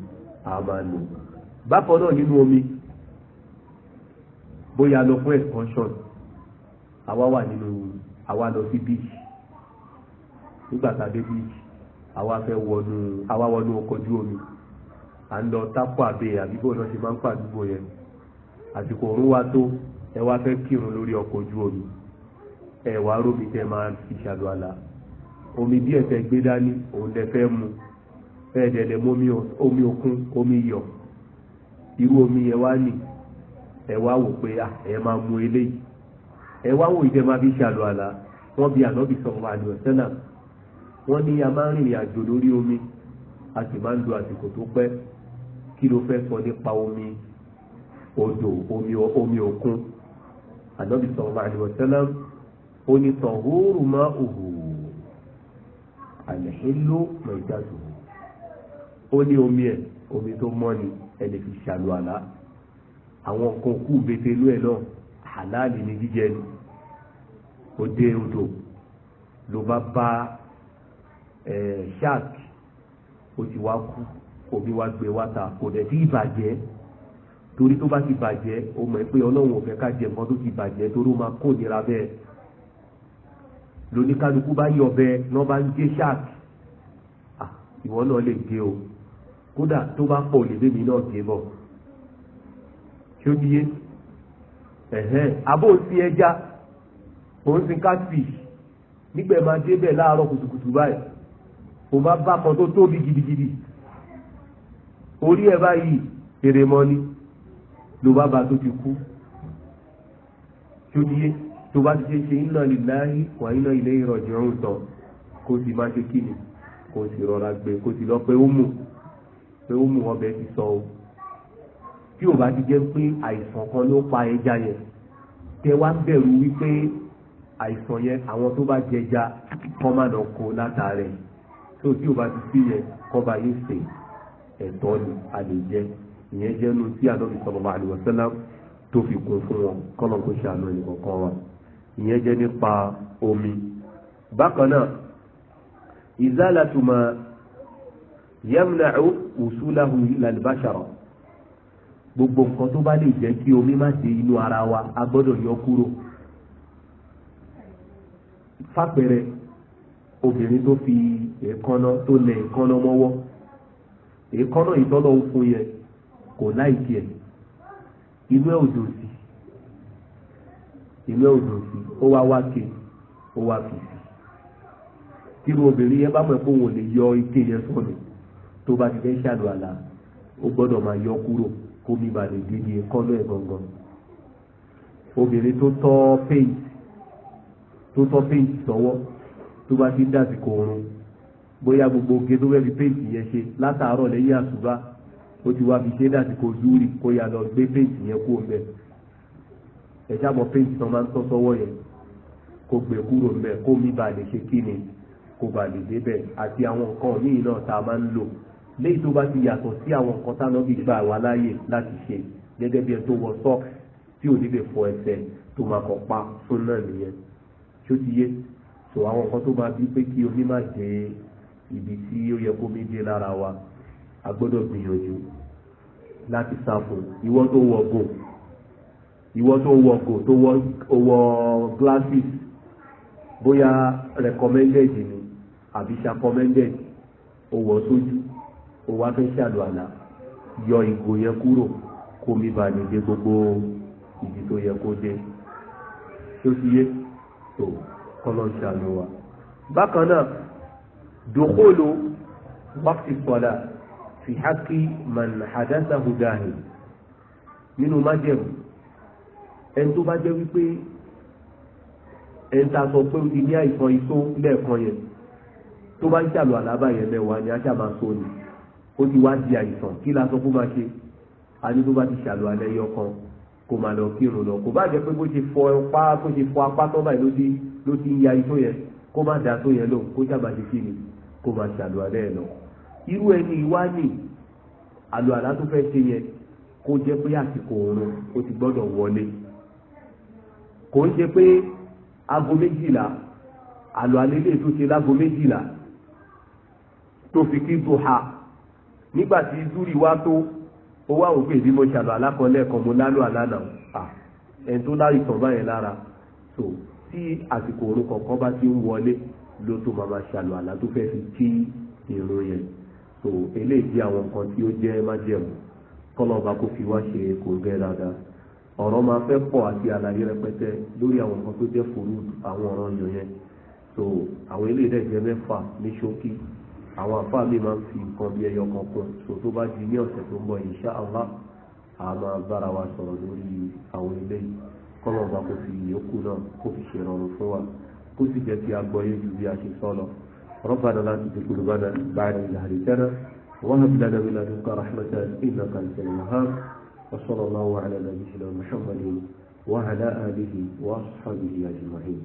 a máa lò bákan náà nínú omi bóyá lọ fún expansion àwa wà nínú àwa lọ sí beach nígbà tá a dé beach àwa fẹ́ wọnú àwa wọnú ọkọ̀ ojú omi à ń lọ tápọ̀ àbẹ̀ àbíbọ̀ náà ṣe máa ń pàdúgbò yẹn àsìkò òun wá tó ẹ wá fẹ́ kírun lórí ọkọ̀ ojú omi ẹ wá rómi tẹ máa fi ṣàlù àlà omi díẹ̀ tẹ gbé dání òun lẹ fẹ́ mu ẹ dẹ̀dẹ̀ mú omi òkun omi yọ̀ irú omi yẹn wá nì ẹ wá wò pé ah, ẹ máa mu eléyìí ẹ wá wò ìdẹ máa fi ṣàlù àlà wọ́n bi ànábì sọ̀rọ̀ àlùọ̀sẹ́nà wọ́n ní a máa ń rìnrìn àjò lórí omi a sì máa ń lo àsìkò tó pẹ́ kí ló fẹ́ sọ nípa omi odò omi òkun ànábì sallallahu alaihi wasallam ó ní tọ̀húrù máa òhù àlẹ́hìnló mẹ́jáde ó ní omi ẹ̀ omi tó mọ́ ni ẹ lè fi ṣàlù àlá àwọn nǹkan kú betelú ẹ̀ náà àláàlì ní jíjẹ ni ó dé odò ló bá bá ẹ̀ ṣáàkì ó ti wá kú omi wá gbé wá ta kò dẹ̀ sí ìbàjẹ́ torí tó bá ti bàjẹ́ o mọ̀ pé ọlọ́run ò fẹ́ ká jẹ nǹkan tó ti bàjẹ́ torí ó máa kó nira bẹ́ẹ̀ lóníkálukú bá yọ bẹ́ẹ̀ náà bá ń gé ṣáàkì ìwọ náà lè gé o kódà tó bá pọ̀ lè bẹ́mi náà gé bọ̀ ṣé ó níye ẹ̀hẹ́n abó sí ẹja òun sin catfish nígbà máa débẹ̀ láàárọ̀ kùtùkùtù báyìí kò má bá kan tó tóbi gidigidi orí ẹ̀ báyìí èrè mọ́ ni ló bá ba tó ti kú tó díye tó bá ti ṣe ṣe inna lillahi wa inna ilayhi raji'un tán kó sì má ṣe kíni kó sì rọra gbé kó sì lọ pé ó mú pé ó mú ọbẹ̀ ti sọ o tí ò bá ti jẹ́ pé àìsàn kan ló pa ẹja yẹn tẹ wá bẹ̀rù wípé àìsàn yẹn àwọn tó bá jẹja kọ́ má lọ kó látàrẹ̀ tó tí ò bá ti sí yẹn kọ́ bá yín sè ẹ̀tọ́ ni a lè jẹ́ ìyẹn jẹ́ nu tí ànábì sallallahu alaihi wasallam tó fi kún fún wọn kọ́nà kó ṣe àná ẹnì kọ̀ọ̀kan wa ìyẹn jẹ́ nípa omi bákan náà ìzálàtúmọ̀ yamna'u wùsùláhù làlùbáṣàrọ̀ gbogbo nǹkan tó bá lè jẹ́ kí omi má dé inú ara wa a gbọ́dọ̀ yọ kúrò fàpẹrẹ obìnrin tó fi èékánná tó lẹ èékánná mọ́wọ́ èékánná ìtọ́lọ́ òkun yẹn kò láìkí ẹ̀ inú ẹ̀ òdò sí inú ẹ̀ òdò sí ó wá wá ké ó wá fi sí tíru obìnrin yẹn bá mọ̀ pé òun ò lè yọ ike yẹn sọ̀nù tó bá ti fẹ́ ṣàlù àlà ó gbọ́dọ̀ máa yọ kúrò kó mi bàlè dídí kọ́nú ẹ̀ gangan obìnrin tó tọ́ péyì tó tọ́ péyì sọ́wọ́ tó bá ti dàsìkò oorun bóyá gbogbo oge tó fẹ́ fi péyì yẹn ṣe látàárọ̀ lẹ́yìn àsùbá ó ti wá fi ṣe láti kó zúrì kó yà lọ gbé péǹtì yẹn kú mbẹ ẹ sábọ péǹtì tó máa ń tọ́ sọ́wọ́ yẹn kó gbé kúrò mbẹ kó mi bá lè ṣe kí ni kó bá lè débẹ̀ àti àwọn nǹkan míì náà tá a máa ń lò léyìí tó bá ti yàtọ̀ sí àwọn nǹkan tá a náà fi gbà wá láàyè láti ṣe gẹ́gẹ́ bí ẹ tó wọ sọ́ọ̀kì tí ò ní fọ ẹsẹ̀ tó máa kọ̀ pa fún náà nìyẹn tí ó ti yé tó àwọn nǹkan tó máa bí pé kí omi má a gbọ́dọ̀ gbìyànjú láti sá fún ìwọ tó wọ go ìwọ tó wọ go tó wọ glasses bóyá recommended ni àbí recommended. ó wọ sójú ó wá fẹ́ ṣàlù àlà yọ ìgò yẹn kúrò kó mi bá lè dé gbogbo ìdí tó yẹ kó dé tó ti yé tó kọ́lọ́ ṣàlù bákan náà dòkólo wákìtì sọ́dà fi hákì man hadasa hudahi nínú májẹ̀mú ẹni tó bá jẹ́ wípé ẹni tá a sọ pé ó ti ní àìsàn iṣó lẹ́ẹ̀kan yẹn tó bá ń ṣàlù àlábà yẹn mẹ́wàá ni ajá máa so ni ó ti wá di àìsàn kí la sọ fún máa ṣe a ní tó bá ti ṣàlù alẹ́ yọ kan kò máa lọ kírun lọ kò bá jẹ́ pé bó ṣe fọ apá bó ṣe fọ apá tán báyìí ló ti ló ti ń ya iṣó yẹn kó má da tó yẹn lò kó sábà ti kí ni kó máa ṣàlù alẹ́ yẹn lọ irú ẹni ìwá nì àlò àlá tó fẹ́ ṣe yẹn kó jẹ́ pé àsìkò òun ó ti gbọ́dọ̀ wọlé kò ń jẹ́ pé aago méjìlá àlò àlélẹ́ tó ṣe láago méjìlá tó fi kí duha nígbà tí zúrì wá tó ó wá òkè bí mo ṣàlọ́ alákọ̀ọ́lẹ́ẹ̀kan mo lálò àlánà ẹ̀ tó lárí tàn báyẹn lára so tí àsìkò òun kọ̀ọ̀kan bá ti ń wọlé ló tó máa ma ṣàlọ́ àlá tó fẹ́ fi kí èrò yẹn so eléyìí jẹ́ àwọn nǹkan tí ó jẹ́ májẹ̀mú kọ́lọ́ọ̀bá kó fi wá ṣe kò gẹ́ dáadáa ọ̀rọ̀ máa fẹ́ pọ̀ àti àlàyé rẹpẹtẹ lórí àwọn nǹkan tó jẹ́ fòrú àwọn ọ̀rọ̀ yàn yẹn so àwọn eléyìí dẹ̀ jẹ́ mẹ́fà ní ṣókí àwọn àfáà mi máa ń fi nǹkan bí ẹyọ kankan so tó bá di ní ọ̀sẹ̀ tó ń bọ̀ insha Allah a máa bára wa sọ̀rọ̀ lórí àwọn eléyìí kọ́lọ́ọ̀bá kó fi yòókù náà kó fi ṣèrànwọ́ fún wa kó sì jẹ́ kí a gbọ́ yé ju bí a ṣe sọ lọ ربنا لا تزغ قلوبنا بعد إذ هديتنا وهب لنا من لدنك رحمة إنك أنت الوهاب وصلى الله على نبينا محمد وعلى آله وأصحابه أجمعين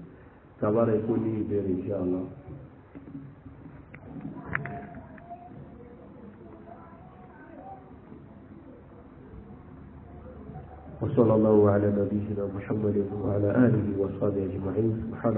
تبارك يكون بير إن شاء الله وصلى الله على نبينا محمد وعلى آله وصحبه أجمعين سبحان